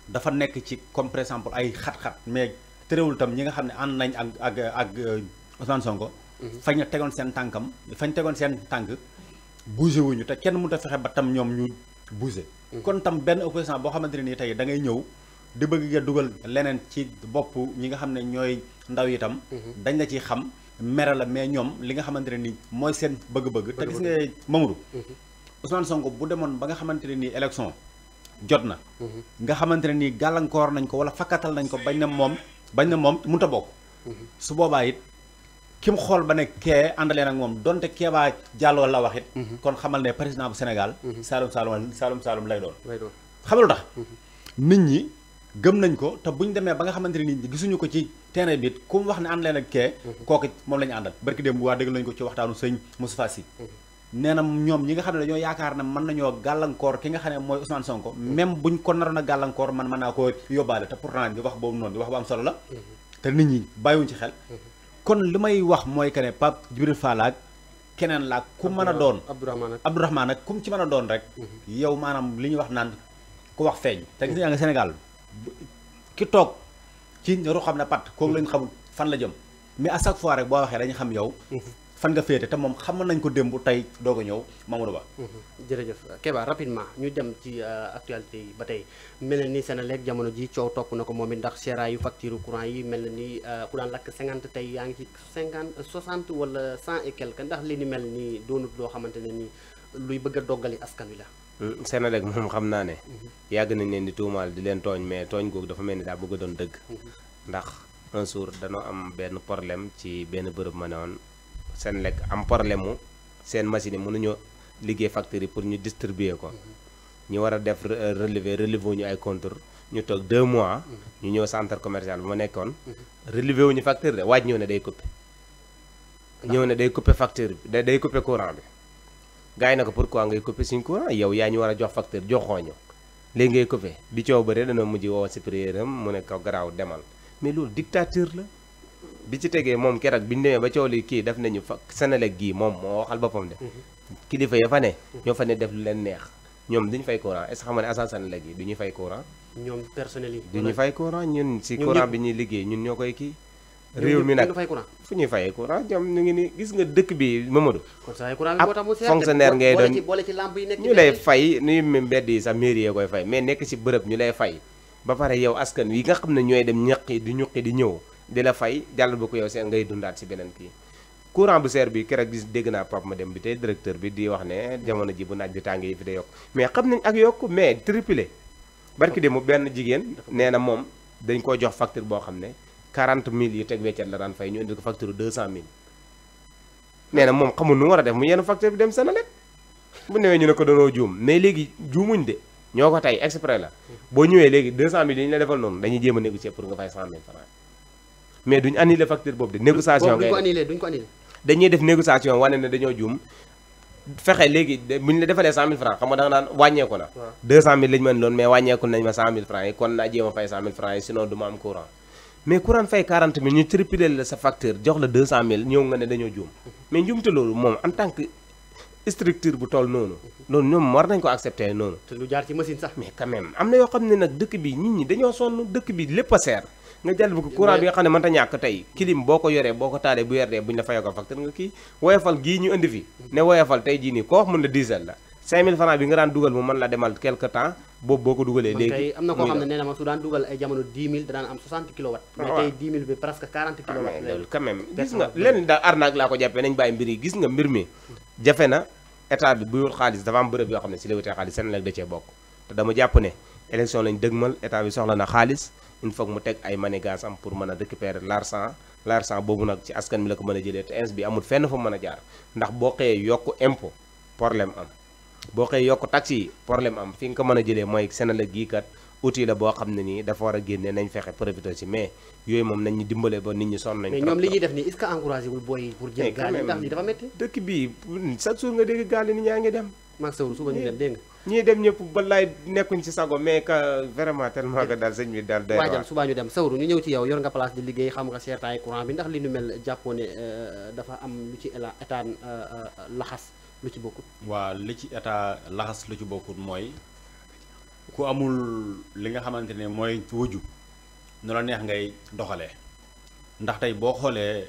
dafa nekk ci comme par exemple ay xat-xat mais terewul tam ñi nga xam ne ànd nañ ak ak ak euh, Ousmane Sonko. Mhm. fañ a tegoon seen tànkam fañ tegoon seen tànk bougé wuñu te kenn mun a fexe ba tam ñoom ñu bougé. Mhm. kon tam benn opposition boo xamante ne nii tey da ngay ñëw di bëgg nga dugal leneen ci bopp ñi nga xam ne ñooy ndaw yitam mhm. dañ la ciy xam mere la mais ñoom li nga xamante ne nii mooy seen bëgg-bëgg. te gis nga Mamadou. Ousmane Sonko bu demoon ba nga xamante ne nii élection. jot na. Mhm. nga xamante ne nii gàllankoor nañ ko wala fakkatal nañ ko bañ na moom bañ na moom mënut a bokk. Mhm. su boobaa it kim xool ba ne kee àndalee nag moom donte keebaa jàlloo la wax it. Mhm. kon xamal ne président bu Sénégal. Saalum Saalum Saalum Saalum lay doon. lay doon xamal tax. nit ñi gëm nañ ko te bu ñu demee ba nga xamante ne nii gisuñu ko ci terrain bi it ku mu wax ne àndalee nag kee. kooku moom la ñu àndal barki démb waa dégg nañ ko ci waxtaanu sëñ Moustapha Sy nee na ñoom ñi nga xam ne dañoo yaakaar ne mën nañoo gàllankoor ki nga xam ne mooy Ousmane Sonko mm-hmm. même buñ ko naroon a gàllankoor man mën naa koo yóbbaale te pourtant bi wax boobu noonu wax bu am solo la mm-hmm. te nit ñi bàyyiwuñ ci xel mm-hmm. kon li may wax mooy que ne Pape Djibril Fall ak keneen laa ku mën a doon Abdourahmane ak ku mu ci mën a doon rek yow maanaam li ñuy wax naan ko wax feeñ te gis nga nga Sénégal ki toog ci ru xam ne pat kooku lañ xam fan la jëm mais à chaque boo waxee dañu xam yow fan nga féete te moom xam nañ ko démb tey doog a ñëw Mamadou Ba. Mhm. jërëjëf Keba rapidement ñu dem ci euh, actualité yi ba tey mel na ni Senelec jamono ji coow topp na ko moom it ndax seeraayu facture courant yi mel na ni ku euh, daan lakk 50 tey yaa ngi ci 50 60 wala 100 et quelque ndax ni mel ni doonut loo xamante ne ni luy bëgg a doggali askan wi la. Mm, Senelec moom xam naa ne. Mhm. yàgg nañ leen di tuumaal di leen tooñ mais tooñ googu dafa mel ni daa bëgg a doon dëgg. Mhm. ndax un danoo am benn problème ci benn bërëb ma ne woon seen lekk am problème mu seen machine yi mënuñoo liggéey factures yi pour ñu distribuer ko ñu war a def relevé euh, relevé wu ñu ay contre ñu toog deux mois ñu ñëw centre commercial bu ma nekkoon relevé wu ñu facture de waaj ñëw ne day coupé ñëw ne day coupé facture bi da day coupé courant bi gars yi na ko pour pourquoi ngay coupé suñ courant yow yaa ñu war a jox facture joxooñu léegi ngay coupé bi coow bëree dana mujj woo supérieur am mu ne ko garaaw demal bi ci tegee moom keroog bi ñu demee ba coow li kii def nañu fa Senelec gii moom moo waxal boppam de. Mhm. kilifa ya fa ne. Mhm. ñoo fa ne def lu leen neex. ñoom duñu fay courant est-ce que xam nga ne agence Senelec yi ñu fay courant. ñoom personnel yi. du ñu fay courant ñun si courant bi ñuy liggéey ñun ñoo koy kii. réew mi nag fu ñuy fayee courant ñoom ñu ngi ni gis nga dëkk bi Mamadou. ab fonctionnaire ngay doon ñu lay fay nuyu mbedd yi sax mairie koy fay mais nekk si bërëb ñu lay fay. ba pare yow askan wi nga xam ne ñooy dem ñaq yi di ñuqi di ñëw di la fay jàll bu ko yow seen ngay dundaat si beneen kii courant bu seer bi keroog gis dégg naa ma dem bi tey directeur bi di wax ne jamono ji bu naaj bi tàngee yi fi day yokk mais xam nañ ak yokk mais triplé barki de mu benn jigéen nee na moom dañ koo jox facture boo xam ne 40 mille yu teg weccet la daan fay ñu indil ko facture 200 mille nee na moom xamul nu war a def mu yenn facture bi dem Senelec bu newee ñu ne ko danoo juum mais léegi juumuñ de ñoo ko tey exprès la mm-hmm. boo ñëwee léegi 200 mille a mais duñ annulé facture boobu de négociation ngay annulé duñ ko annulé dañuy def négociation wane ne dañoo juum fexe léegi bu la defalee 100000 francs xam nga da nga naan wàññeeku na 200000 lañ mën loon mais wàññeeku nañ ma 100000 francs yi kon naa jéem a fay 100000 francs yi sinon du ma am courant mais courant fay 40000 ñu triplé la sa facture jox la 200000 ñëw nga ne dañoo juum mais njuumte loolu moom en tant que structure bu toll noonu loolu ñoom war nañ ko accepter noonu te lu jaar ci machine sax mais quand même yoo xam ne nag dëkk bi nit ñi dañoo sonn dëkk bi lépp a nga jàll bu ko courant bi nga xam ne mënta ñàkk tey clim boo ko yoree boo ko taalee bu weer dee bu ñu la fayoo ko nga kii woyofal gii ñu indi fi ne woyofal tey jii nii koo wax mën la diesel la 5000 francs bi nga daan dugal mu mën la demal quelque temps boo ko dugalee léegi am na koo xam ne nee daan dugal ay ah. bi presque ah, laa ko jàppee nañ bàyyi mbir yi gis nga mbir mi jafe na état bi buy wut xaalis dafa am bërëb yoo xam ne si la wutee xaalis Senelec da cee bokk te dama na xaalis il faut mu teg ay manigas am pour mën a récupérer l'argent l'argent boobu nag ci askan bi la ko mën a jëlee te bi amul fenn fu mën a jaar ndax boo xëyee yokk impôt problème am boo xëyee yokk taxes yi problème am fi nga ko mën a jëlee mooy Senelec gii kat outil la boo xam ne nii dafa war a génne nañ fexe profité ci mais yooyu moom nañ dimbale ba nit ñi sonn nañ. mais ñoom li ñuy def nii est-ce wul booy pour jël gaal yi ñaa ngi dem. maag sawru suba ñu dem dégg nga ñii dem ñëpp balaay nekkuñ si sago mais que vraiment tellement que daal sëñ bi daal doy waajal subaa ñu dem sawru ñu ñëw ci yow yor nga place di liggéey xam nga seertaay courant bi ndax li nu mel jàppoo ne euh, dafa am lu ci éla état euh, euh, laxas lu ci bokkut waaw li ci état laxas lu ci bokkut mooy ku amul li nga xamante ne mooy wujju nu la neex ngay doxalee ndax tey boo xoolee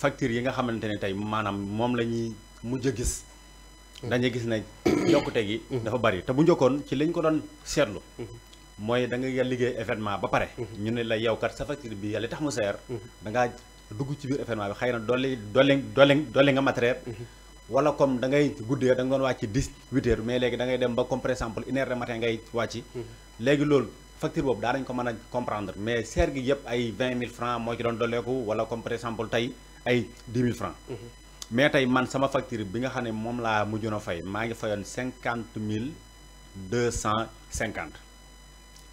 facture yi nga xamante ne tey maanaam moom la ñuy mujj a gis dañuy gis ne yokkute gi mhm. dafa bari te bu njëkkoon ci lañ ko doon seetlu mhm. mooy da nga liggéey événement ba pare mhm. ñu ne la yow kat sa facture bi yàlla tax mu seer da dugg ci biir événement bi xëy na dolli dolli dolli dolli nga matériel wala comme da ngay guddee da nga doon wàcc dix huit heures mais léegi dangay dem ba comme par exemple une heure de matin ngay wàcc léegi loolu facture boobu daa dañ ko mën a comprendre mais seer gi yëpp ay vingt mille moo ci doon dolleeku wala comme par exemple tey ay dix mille mais tey man sama facture bi nga xam ne moom laa mujjoon a fay maa ngi fayoon cinquante mille deux cent cinquante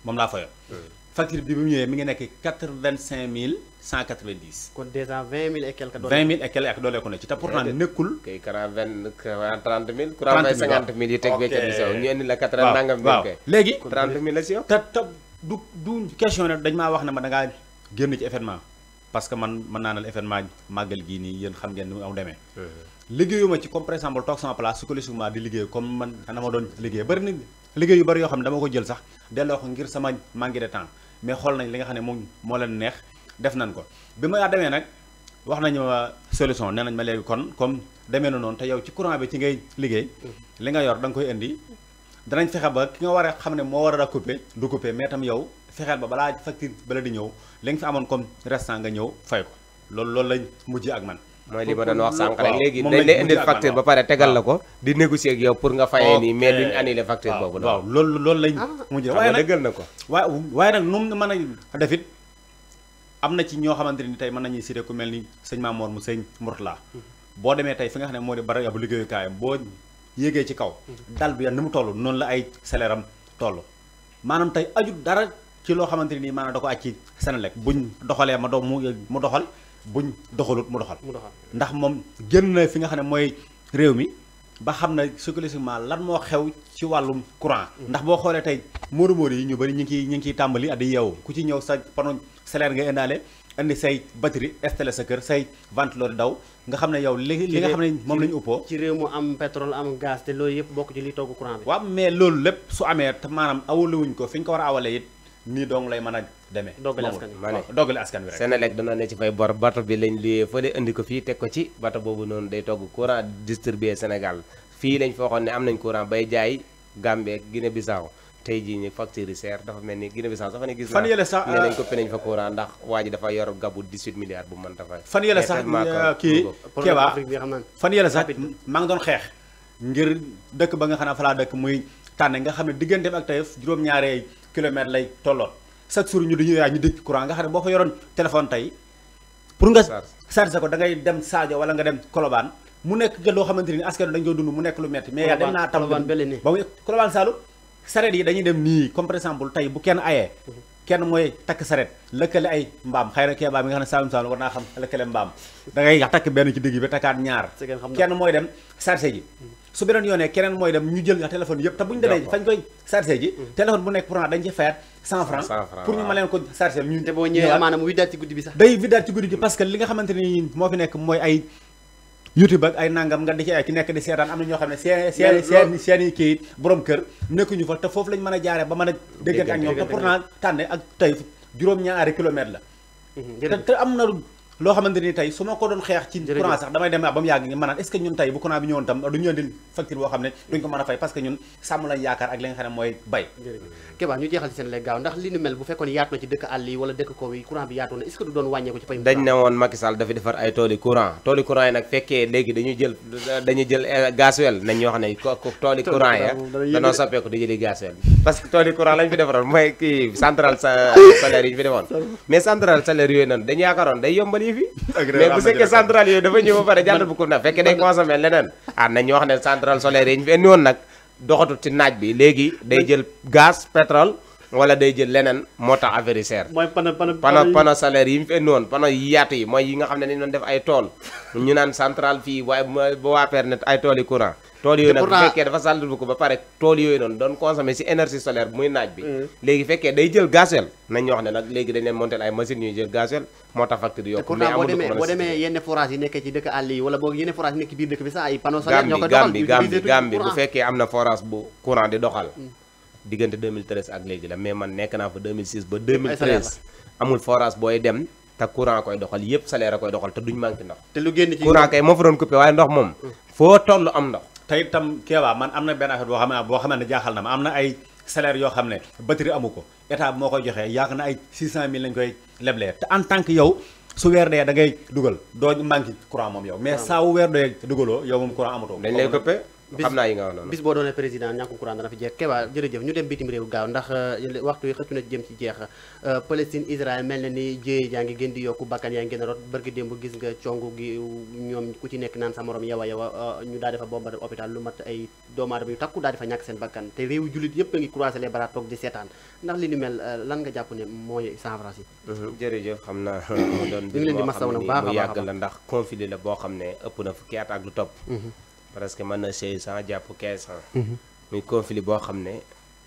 moom laa fayoon. Euh. facture bi bu ñëwee mi ngi nekk quatre vingt cinq mille cent quatre vingt dix. kon vingt mille et quelque. vingt mille et quelque ak dooleeku na ci te pourtant nekkul. kay kuraan vingt mille. kuraan cinquante mille yi teg béykat yi sow ñu indi la quatre vingt nangam. mille la si yow. te te du du question ne dañ maa wax ne ma da ngaa ci événement. parce que man mën naa ne la événement màggal gii nii yéen xam ngeen ni mu aw demee. liggéeyuma ci comme par exemple toog sama place psychologiquement di liggéey comme man na ma doon liggéey bëri na liggéey yu bëri yoo xam ne dama ko jël sax delloo ko ngir sama manque de temps mais xool nañ li nga xam ne moom moo leen neex def nañ ko bi ma demee nag wax nañu ma solution nee nañ ma léegi kon comme demee na noonu te yow ci courant bi ci ngay liggéey li nga yor da koy indi danañ fexe ba ki nga war a xam ne moo war a coupé du coupé mais tam yow fexeel ba balaa facture bala di ñëw li nga fi amoon comme restant nga ñëw fay ko loolu loolu lañ mujj ak man. mooy li ma doon wax léegi dañ lay indil ba pare tegal na ko di négocier ak yow pour nga fayee nii mais duñ annulé facteur boobu la. waaw loolu loolu lañ ah. mujj ah, waaye nag na ko. waaye waaye nag nu mu mën a def it am na ci ñoo xamante ni tey mën nañuy cité ku mel ni sëñ Mamour mu sëñ Mourtala mhm. boo demee tey fi nga xam ne moo di barab bu liggéeyukaayam boo yéegee ci kaw mhm. dal bi yan ni mu toll noonu la ay salaire am ci loo xamante ni maanaam da ko aj ci Senelec buñ doxalee ma do mu doxal buñ doxalut mu doxal ndax moom génn na fi nga xam ne mooy réew mi ba xam ne psychologiquement lan moo xew ci wàllum courant mm. ndax boo xoolee tey móoru yi ñu bëri ñu ngi ñu ngi ciy tàmbali at di yeewu ku ci ñëw sa panneau solaire nga indaale indi say batterie installé sa kër say ventilo di daw nga xam ne yow li li nga xam ne moom la ñu uppoo ci réew mu am pétrole am gaz te loolu yëpp bokk ci li togg courant bi waaw mais loolu lépp su amee maanaam awalewuñ ko fi ñu ko war a awalee it nii dong lay mën a demee. doggale askan wi waaw askan wi rek. Sénélec dana ne ci fay bor bato bi lañ liyee fële indi ko fii teg ko ci bato boobu noonu day togg courant distribué Sénégal fii lañ foo xoon ne am nañ courant bay jaay Gambie Guinée Bissau tey jii ñu facture yi seer dafa mel ni Guinée Bissau sax fa ne gis fan yële sax ne euh, nañ ko peneñ fa courant ndax waa ji dafa yor gabu 18 milliards bu mën dafa euh, fan yële sax kii Kéba fan yële sax maa ngi doon xeex ngir dëkk ba nga xam ne fa laa dëkk muy tànn nga xam ne digganteem ak tayef juróom kilomètres lay tolloon chaque jour ñu dañuy yaay ñu dégg courant nga xam ne boo ko yoroon téléphone tey pour nga chargé ko da ngay dem Sadio wala nga dem Colobane mu nekk nga loo xamante ni askan dañ koy dund mu nekk lu metti mais yaa dem naa tam dem nii comme par exemple kenn ayee kenn mooy takk sareet lëkkale ay mbaam xëy na baam yi nga xam ne Saloum Saloum war naa xam lëkkale benn ci digg bi takkaat ñaar kenn mooy dem chargé ji su beneen yoonee keneen mooy dem ñu jël nga téléphone yëpp te bu ñu demee fañ koy chargé ji mm. téléphone bu nekk pourtant dañ ci fayat cent francs pour ñu ma leen ko chargé ñu te boo ñëwee ci guddi bi sax parce que li nga xamante ni moo fi nekk mooy ay youtube ak ay nangam nga di ci ay ki nekk di seetaan am na ñoo xam ne seen seen seen seen i kii borom kër nekkuñu fa te foofu lañ mën a jaaree ba mën a déggante ak ñoom te pourtant tànne ak tey la mm-hmm, loo xamante ni tey su ma ko doon xeex ci courant sax damay dem ba mu yàgg ma naan est ñun tey bu courant bi ñëwoon tam duñu andil facture boo xam ne duñ ko mën a fay xam ne mooy ñu jeexal ci du doon wàññeeku ci pay dañ ne woon Macky Sall dafa defar ay tooli courant tooli courant yi nag fekkee léegi dañuy jël dañuy jël eh, nañ ñoo ne tooli courant ya danoo soppeeku di jëli gasoil parce que tooli courant lañ fi defaroon mooy kii centrale solaire yi fi mais bu fekkee centrale yooyu dafa ñëw ba pare jàll bu ko na day consommer leneen ah nañ ñu wax ne centrale solaire yi ñu fi indi woon nag doxatul ci naaj bi léegi day jël gaz pétrole wala day jël leneen moo tax affaire yi seer mooy panneau panneau panneau solaire yi mu fi indi woon panneau yi yaatu yi mooy yi nga xam ne dañu doon def ay tool ñu naan centrale fii waaye ba waa pernet ay tool yi courant tool yooyu nag bu fekkee dafa sàll ko ba pare tool yooyu noonu doon consommé si énergie solaire bu muy naaj bi mm. léegi fekkee day jël gasoil nañ wax ne nag léegi dañ leen monté ay a boo ko doxal Gambie Gambie Gambie bu fekkee am na forage bu courant mm. ak léegi la mais man nekk naa fa 2006 ba 2013 amul forage booy dem te courant koy doxal yëpp salaire a koy doxal te duñ manqué ndox courant kay moo mm. am ndox te itam keebaa man am na benn affaire boo xam ne boo xam ne jaaxal na ma am na ay salaire yoo xam ne batterie amu ko état bi moo koy joxee yaakaar na ay 600000 lañ koy leblee te en tant que yow su weer dee da ngay dugal doo manqué courant moom yow mais ah. saa weer dee dugaloo yow moom courant amatoo dañ lay coupé xam naa yi nga wax noonu bis boo doonee président ñàkkum courant dana fi jeex Keba jërëjëf ñu dem bitim réew gaaw ndax euh, waxtu yi xëccu na jëm ci jeex euh, Palestine Israël mel na ni jéyee jaa ngi gën di yokk bakkan yaa ngi gën a rot bërgi démb gis nga congu gi ñoom ku ci nekk naan sa moroom yawa yawa euh, ñu daal defa bombardé hôpital lu mat ay doomu aadama yu takku daal defa ñàkk seen bakkan te réew jullit yépp a ngi croisé les bras toog di seetaan ndax li ni mel lan nga jàpp ne mooy saafaraas yi mhm, jërëjëf xam naa mu doon bis boo xam ne la ndax conflit la boo xam ne ëpp na fukki at parce que mën na seize cent jàpp quinze cent mhm. muy conflit boo xam ne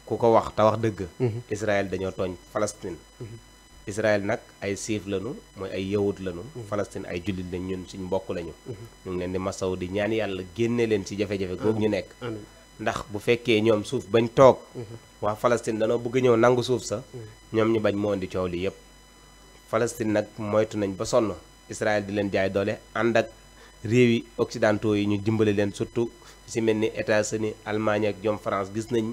ku ko wax te wax dëgg mhm. Israël dañoo tooñ Palestine mhm. Israël nag ay siif lañu mooy ay yawut lañu Palestine ay jullit lañ ñun suñ mbokk lañu ñu ngi leen di masaw di ñaan yàlla génne leen ci jafe-jafe googu ñu nekk ndax bu fekkee ñoom suuf bañ toog waa Palestine danoo bëgg ñëw nangu suuf sa ñoom ñu bañ moo di coow li yépp Palestine nag moytu nañ ba sonn Israël di leen jaay doole ànd réew yi occidentaux yi ñu dimbali leen surtout si mel ni États-Unis Allemagne ak jom France gis nañ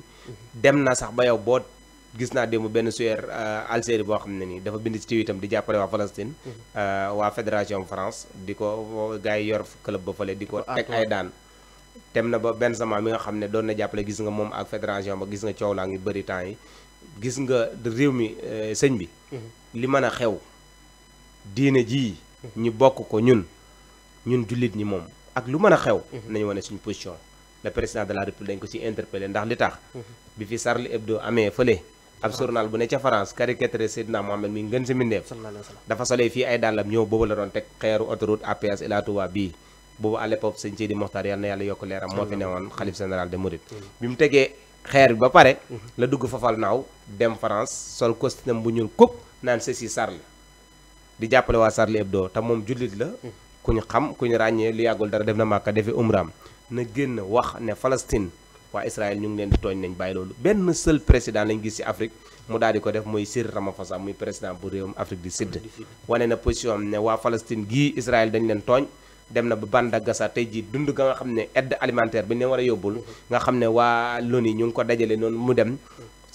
dem na sax ba yow boo gis naa démb benn suyeer euh, Algérie boo xam ne nii dafa bind ci itam di jàppale waa Palestine euh, waa fédération France di ko gars yi yor club ba fële di ko teg ay daan dem na ba benn sama bi nga xam ne doon na jàppale gis nga moom ak fédération ba gis nga coow laa ngi bëri temps yi gis nga réew mi euh, sëñ bi li mën a xew diine jii ñu bokk ko ñun ñun jullit ñi moom ak lu mën a xew. Mhm. nañu wane suñu position. le président de la république dañ ko ci interpellé ndax li tax. Mhm. bi fi Charlie Hebdo amee fële. ab ah. journal bu ne ca France caricature Seydina Mohamed mi ngeen si mindeef. dafa solee fii ay dàllam ñëw boobu la doon teg xeeru autoroute à péage Ila Touba bii. boobu à l'époque sëñ Seydi Moxtaar yal yàlla yokk leeram moo fi newoon xalif général de Mouride. bi mu tegee xeer bi ba pare. Mhm. la dugg fafal naaw dem France sol costume bu ñuul kub naan ceci Charlie di jàppale waa Charlie Hebdo te moom jullit la. ku ñu xam ku ñu ràññee lu yàggul dara def na Màkka defi umraam na génn wax ne falastine waa Israël ñu ngi leen di tooñ nañ bàyyi loolu benn seul président lañ gis ci Afrique mu daal di ko def muy Cyril Ramaphosa muy président bu réewum Afrique du Sud wane na position am ne waa Palestine gii Israël dañ leen tooñ dem na ba Banda Gaza tey jii dund ga nga xam ne edd alimentaire bi ñu war a yóbbul nga xam ne waa loni ñu ngi ko dajale noonu mu dem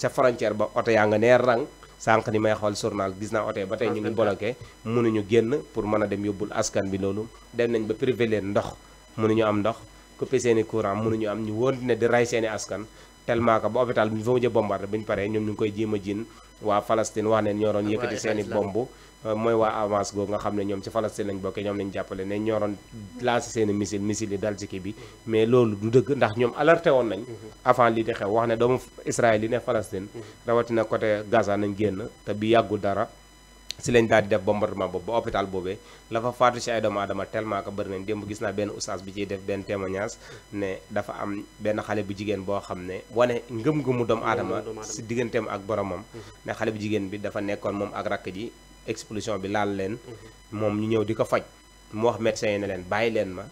ca frontière ba oto yaa nga nee rang sànq ni may xool journal gis naa oto ba tey ñu ngi bloqué mënuñu génn pour mën a dem yóbbul askan bi loolu dem nañ ba privé leen ndox mënuñu am ndox coupé seeni courant mënuñu am ñu wóor ne di rey seeni askan tellement que ba hôpital bi ñu fa mujjee bombardé bu ñu paree ñoom ñu ngi koy jéem a jiin waa Palestine wax ne ñoo doon yëkkati seen bomb euh, mooy waa avance googu nga xam ne ñoom ci Palestine lañ bokkee ñoom lañ jàppale ne ñoo doon lancé seen i missile missile yi dal kii bi mais loolu du dëgg ndax ñoom alerté woon nañ mhm. avant lii di xew wax ne doomu Israël yi ne Palestine mhm. rawatina côté Gaza nañ génn te bi yàggul dara si lañ daal di def bombardement boobu ba hôpital boobee la fa faatu si ay doomu aadama tellement que bëri nañ démb gis naa benn oustaz bi ciy def benn témoignage ne dafa am benn xale bu jigéen boo xam ne wane ngëm-ngëmu doomu aadama si digganteem ak boromam mhm. ne xale bu jigéen bi dafa nekkoon moom ak rakk ji explosion bi laal leen mhm. moom ñu ñëw di ko faj mu wax médecin yi ne leen bàyyi leen ma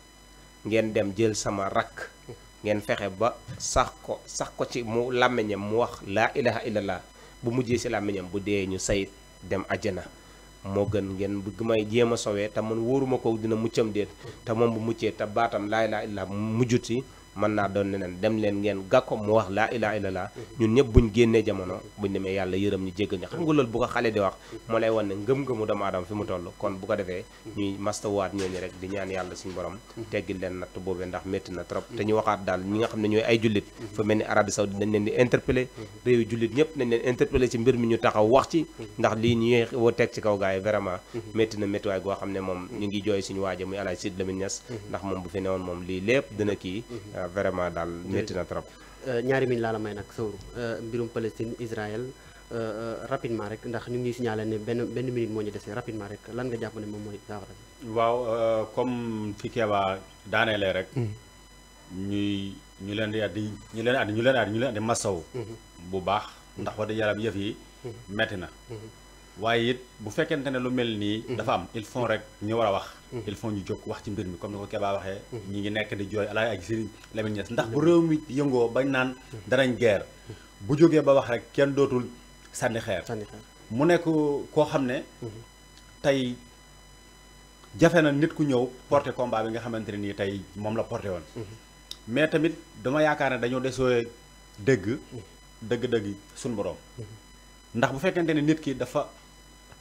ngeen dem jël sama rakk mhm. ngeen fexe ba sax ko sax ko ci mu làmmiñam mu wax laa ilaha illallah bu mujjee si làmmiñam bu dee ñu sayit dem na moo gën ngeen bëgg may jéem a sowee te man wóoruma ko dina muccam déet te moom bu muccee te baatam laay laa illaa mujjut si mën naa doon neneen dem leen ngeen gàkko mu wax laa ilaa illallah ñun ñëpp buñ génnee jamono buñ demee yàlla yërëm ñi jéggal ñu xam nga loolu bu ko xale di wax moo lay wan ne ngëm-ngëmu doomu aadama fi mu toll kon bu ko defee ñuy mastawaat ñooñu rek di ñaan yàlla suñu borom teggi leen natt boobee ndax métti na trop te ñu waxaat daal ñi nga xam ne ñooy ay jullit fa mel ni Arabie Saoudite dañ leen di interpellé réewi ñëpp dañ leen interpellé ci mbir mi ñu taxaw wax ci ndax lii ñuy woo teg ci kaw gars yi vraiment métti na méttiwaay goo xam ne moom ñu ngi jooy suñu waaja muy alaaj Sidy ndax moom bu fi newoon moom lii lépp dina kii vraiment daal métti na trop. Euh, ñaari minutes laa la may nag sawru euh, mbirum Palestine Israël euh, rapidement rek ndax ñu ngi signalé ne benn benn minute moo ñu dese rapidement rek lan nga jàpp ne moom mooy saafara waaw comme fi Keba daanelee rek. Mm-hmm. ñuy ñu leen di addi ñu leen addi ñu leen addi ñu leen addi masaw mm-hmm. bu baax ndax wax dëgg yàlla yëf yi. Mm-hmm. metti na. waaye it bu fekkente ne lu mel nii. dafa am il rek ñu war a wax. Mm-hmm. il faut ñu jóg wax ci mbir mi comme ni ko Keba waxee mm-hmm. ñi ngi nekk di jooy alaay ak Serigne Lamine ndax bu mm-hmm. réew mi yëngoo bañ naan danañ guerre bu jógee ba wax rek kenn dootul sànni xeer mu nekk koo xam ne tey jafe na nit ku ñëw porté combat bi nga xamante ne nii tey moom la porté woon mais tamit dama yaakaar ne dañoo desoo dëgg dëgg-dëgg suñu borom ndax bu fekkente ne nit ki dafa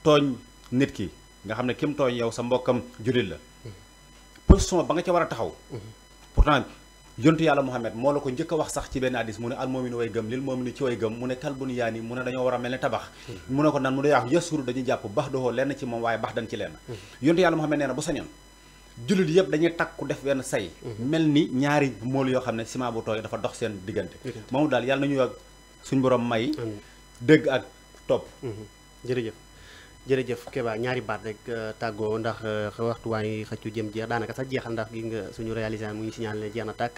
tooñ nit ki nga xam ne kim tooñ yow sa mbokkam jullit la position ba nga ca war a taxaw pourtant yontu yàlla Muhammad moo la ko njëkk wax sax ci benn hadis mu ne al moominu way gëm lil moominu ci way gëm mu ne kalbun yaa ni mu ne dañoo war a mel ne tabax mu ne ko nan mu ne yaax yasuru def benn say mel ni ñaari mool yoo xam ne ciment bu tooy dafa dox seen diggante moom daal yàlla nañu ak suñ borom may dëgg ak topp jërëjëf jërëjëf Keba ñaari baat rek euh, tàggoo ndax euh, waxtu waa ngi xëccu jëm jeex daanaka sax jeexal ndax gi nga suñu réalisateur mu ngi signalé ne jeex na tàkk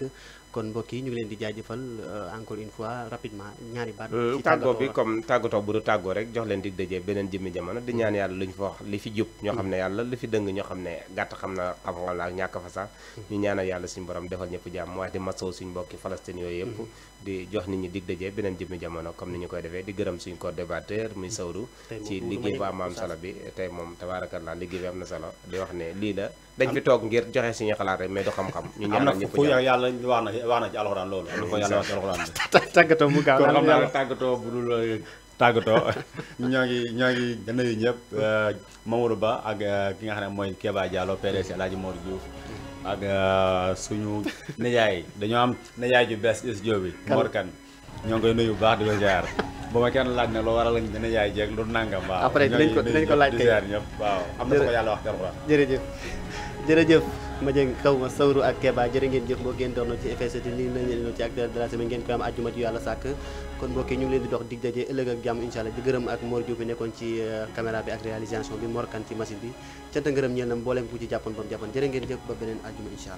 kon mbokk yi ñu ngi leen di jaajëfal euh, encore une fois rapidement ñaari baat. ci tàggoo bi comme tàggatoo bu du tàggoo rek jox leen di dajee beneen jëmmi jamono di ñaan yàlla luñ fa wax li fi jub ñoo xam ne yàlla li fi dëng ñoo xam ne gàtt xam na xam-xam la ak ñàkk fa sax mm-hmm. ñu ñaanal yàlla suñu borom defal ñëpp jàmm waaye di masaw suñu mbokki Palestine yooyu yëpp di jox nit ñi dig daje beneen jëmmi jamono comme ni ñu koy defee di gërëm suñu co-débatteur muy sawru ci liggéey bu am am solo bi tey moom tabaarakallaa liggéey bi am na salo di wax ne lii la dañ fi toog ngir joxe suñu xalaat rek mais du xam-xam ñu ñaanal ñëpp yàlla wax wax na ci alxuraan loolu am na ko yàlla wax ci alxuraan tàggatoo bu gaaw kon xam naa tàggatoo euh, tàggatoo ñoo ngi ñoo ngi nuyu ñëpp euh, Mamadou Ba ak euh, ki nga xam ne mooy kebaa Keba Diallo PDC El moo di Diouf ak euh, suñu nijaay dañoo am nijaay ju bees is joobi Mor kan ñoo ngi koy nuyu bu baax di ko ziar ba ma kenn laaj ne lu waral lañ dina yaay jeeg lu nangam waaw après dinañ ko dinañ ko laaj kay ñëpp waaw am na ko yàlla wax jërëjëf jërëjëf ma jëng kaw ma sawru ak Keba jërë ngeen jëf mbokk ngeen doon ci FST li nañ leen ci acteur de la ngeen koy am àjjuma yu yàlla sàkk kon mbokk ñu leen di dox dig daje ëllëg ak jàmm incha allah gërëm ak Mor Diop bi nekkoon ci euh, caméra bi ak réalisation bi Mor Kane ci machine bi cant ngërëm ñeel na mbooleem ku ci jàppoon ba mu jàppoon ngeen jëf ba beneen àjjuma incha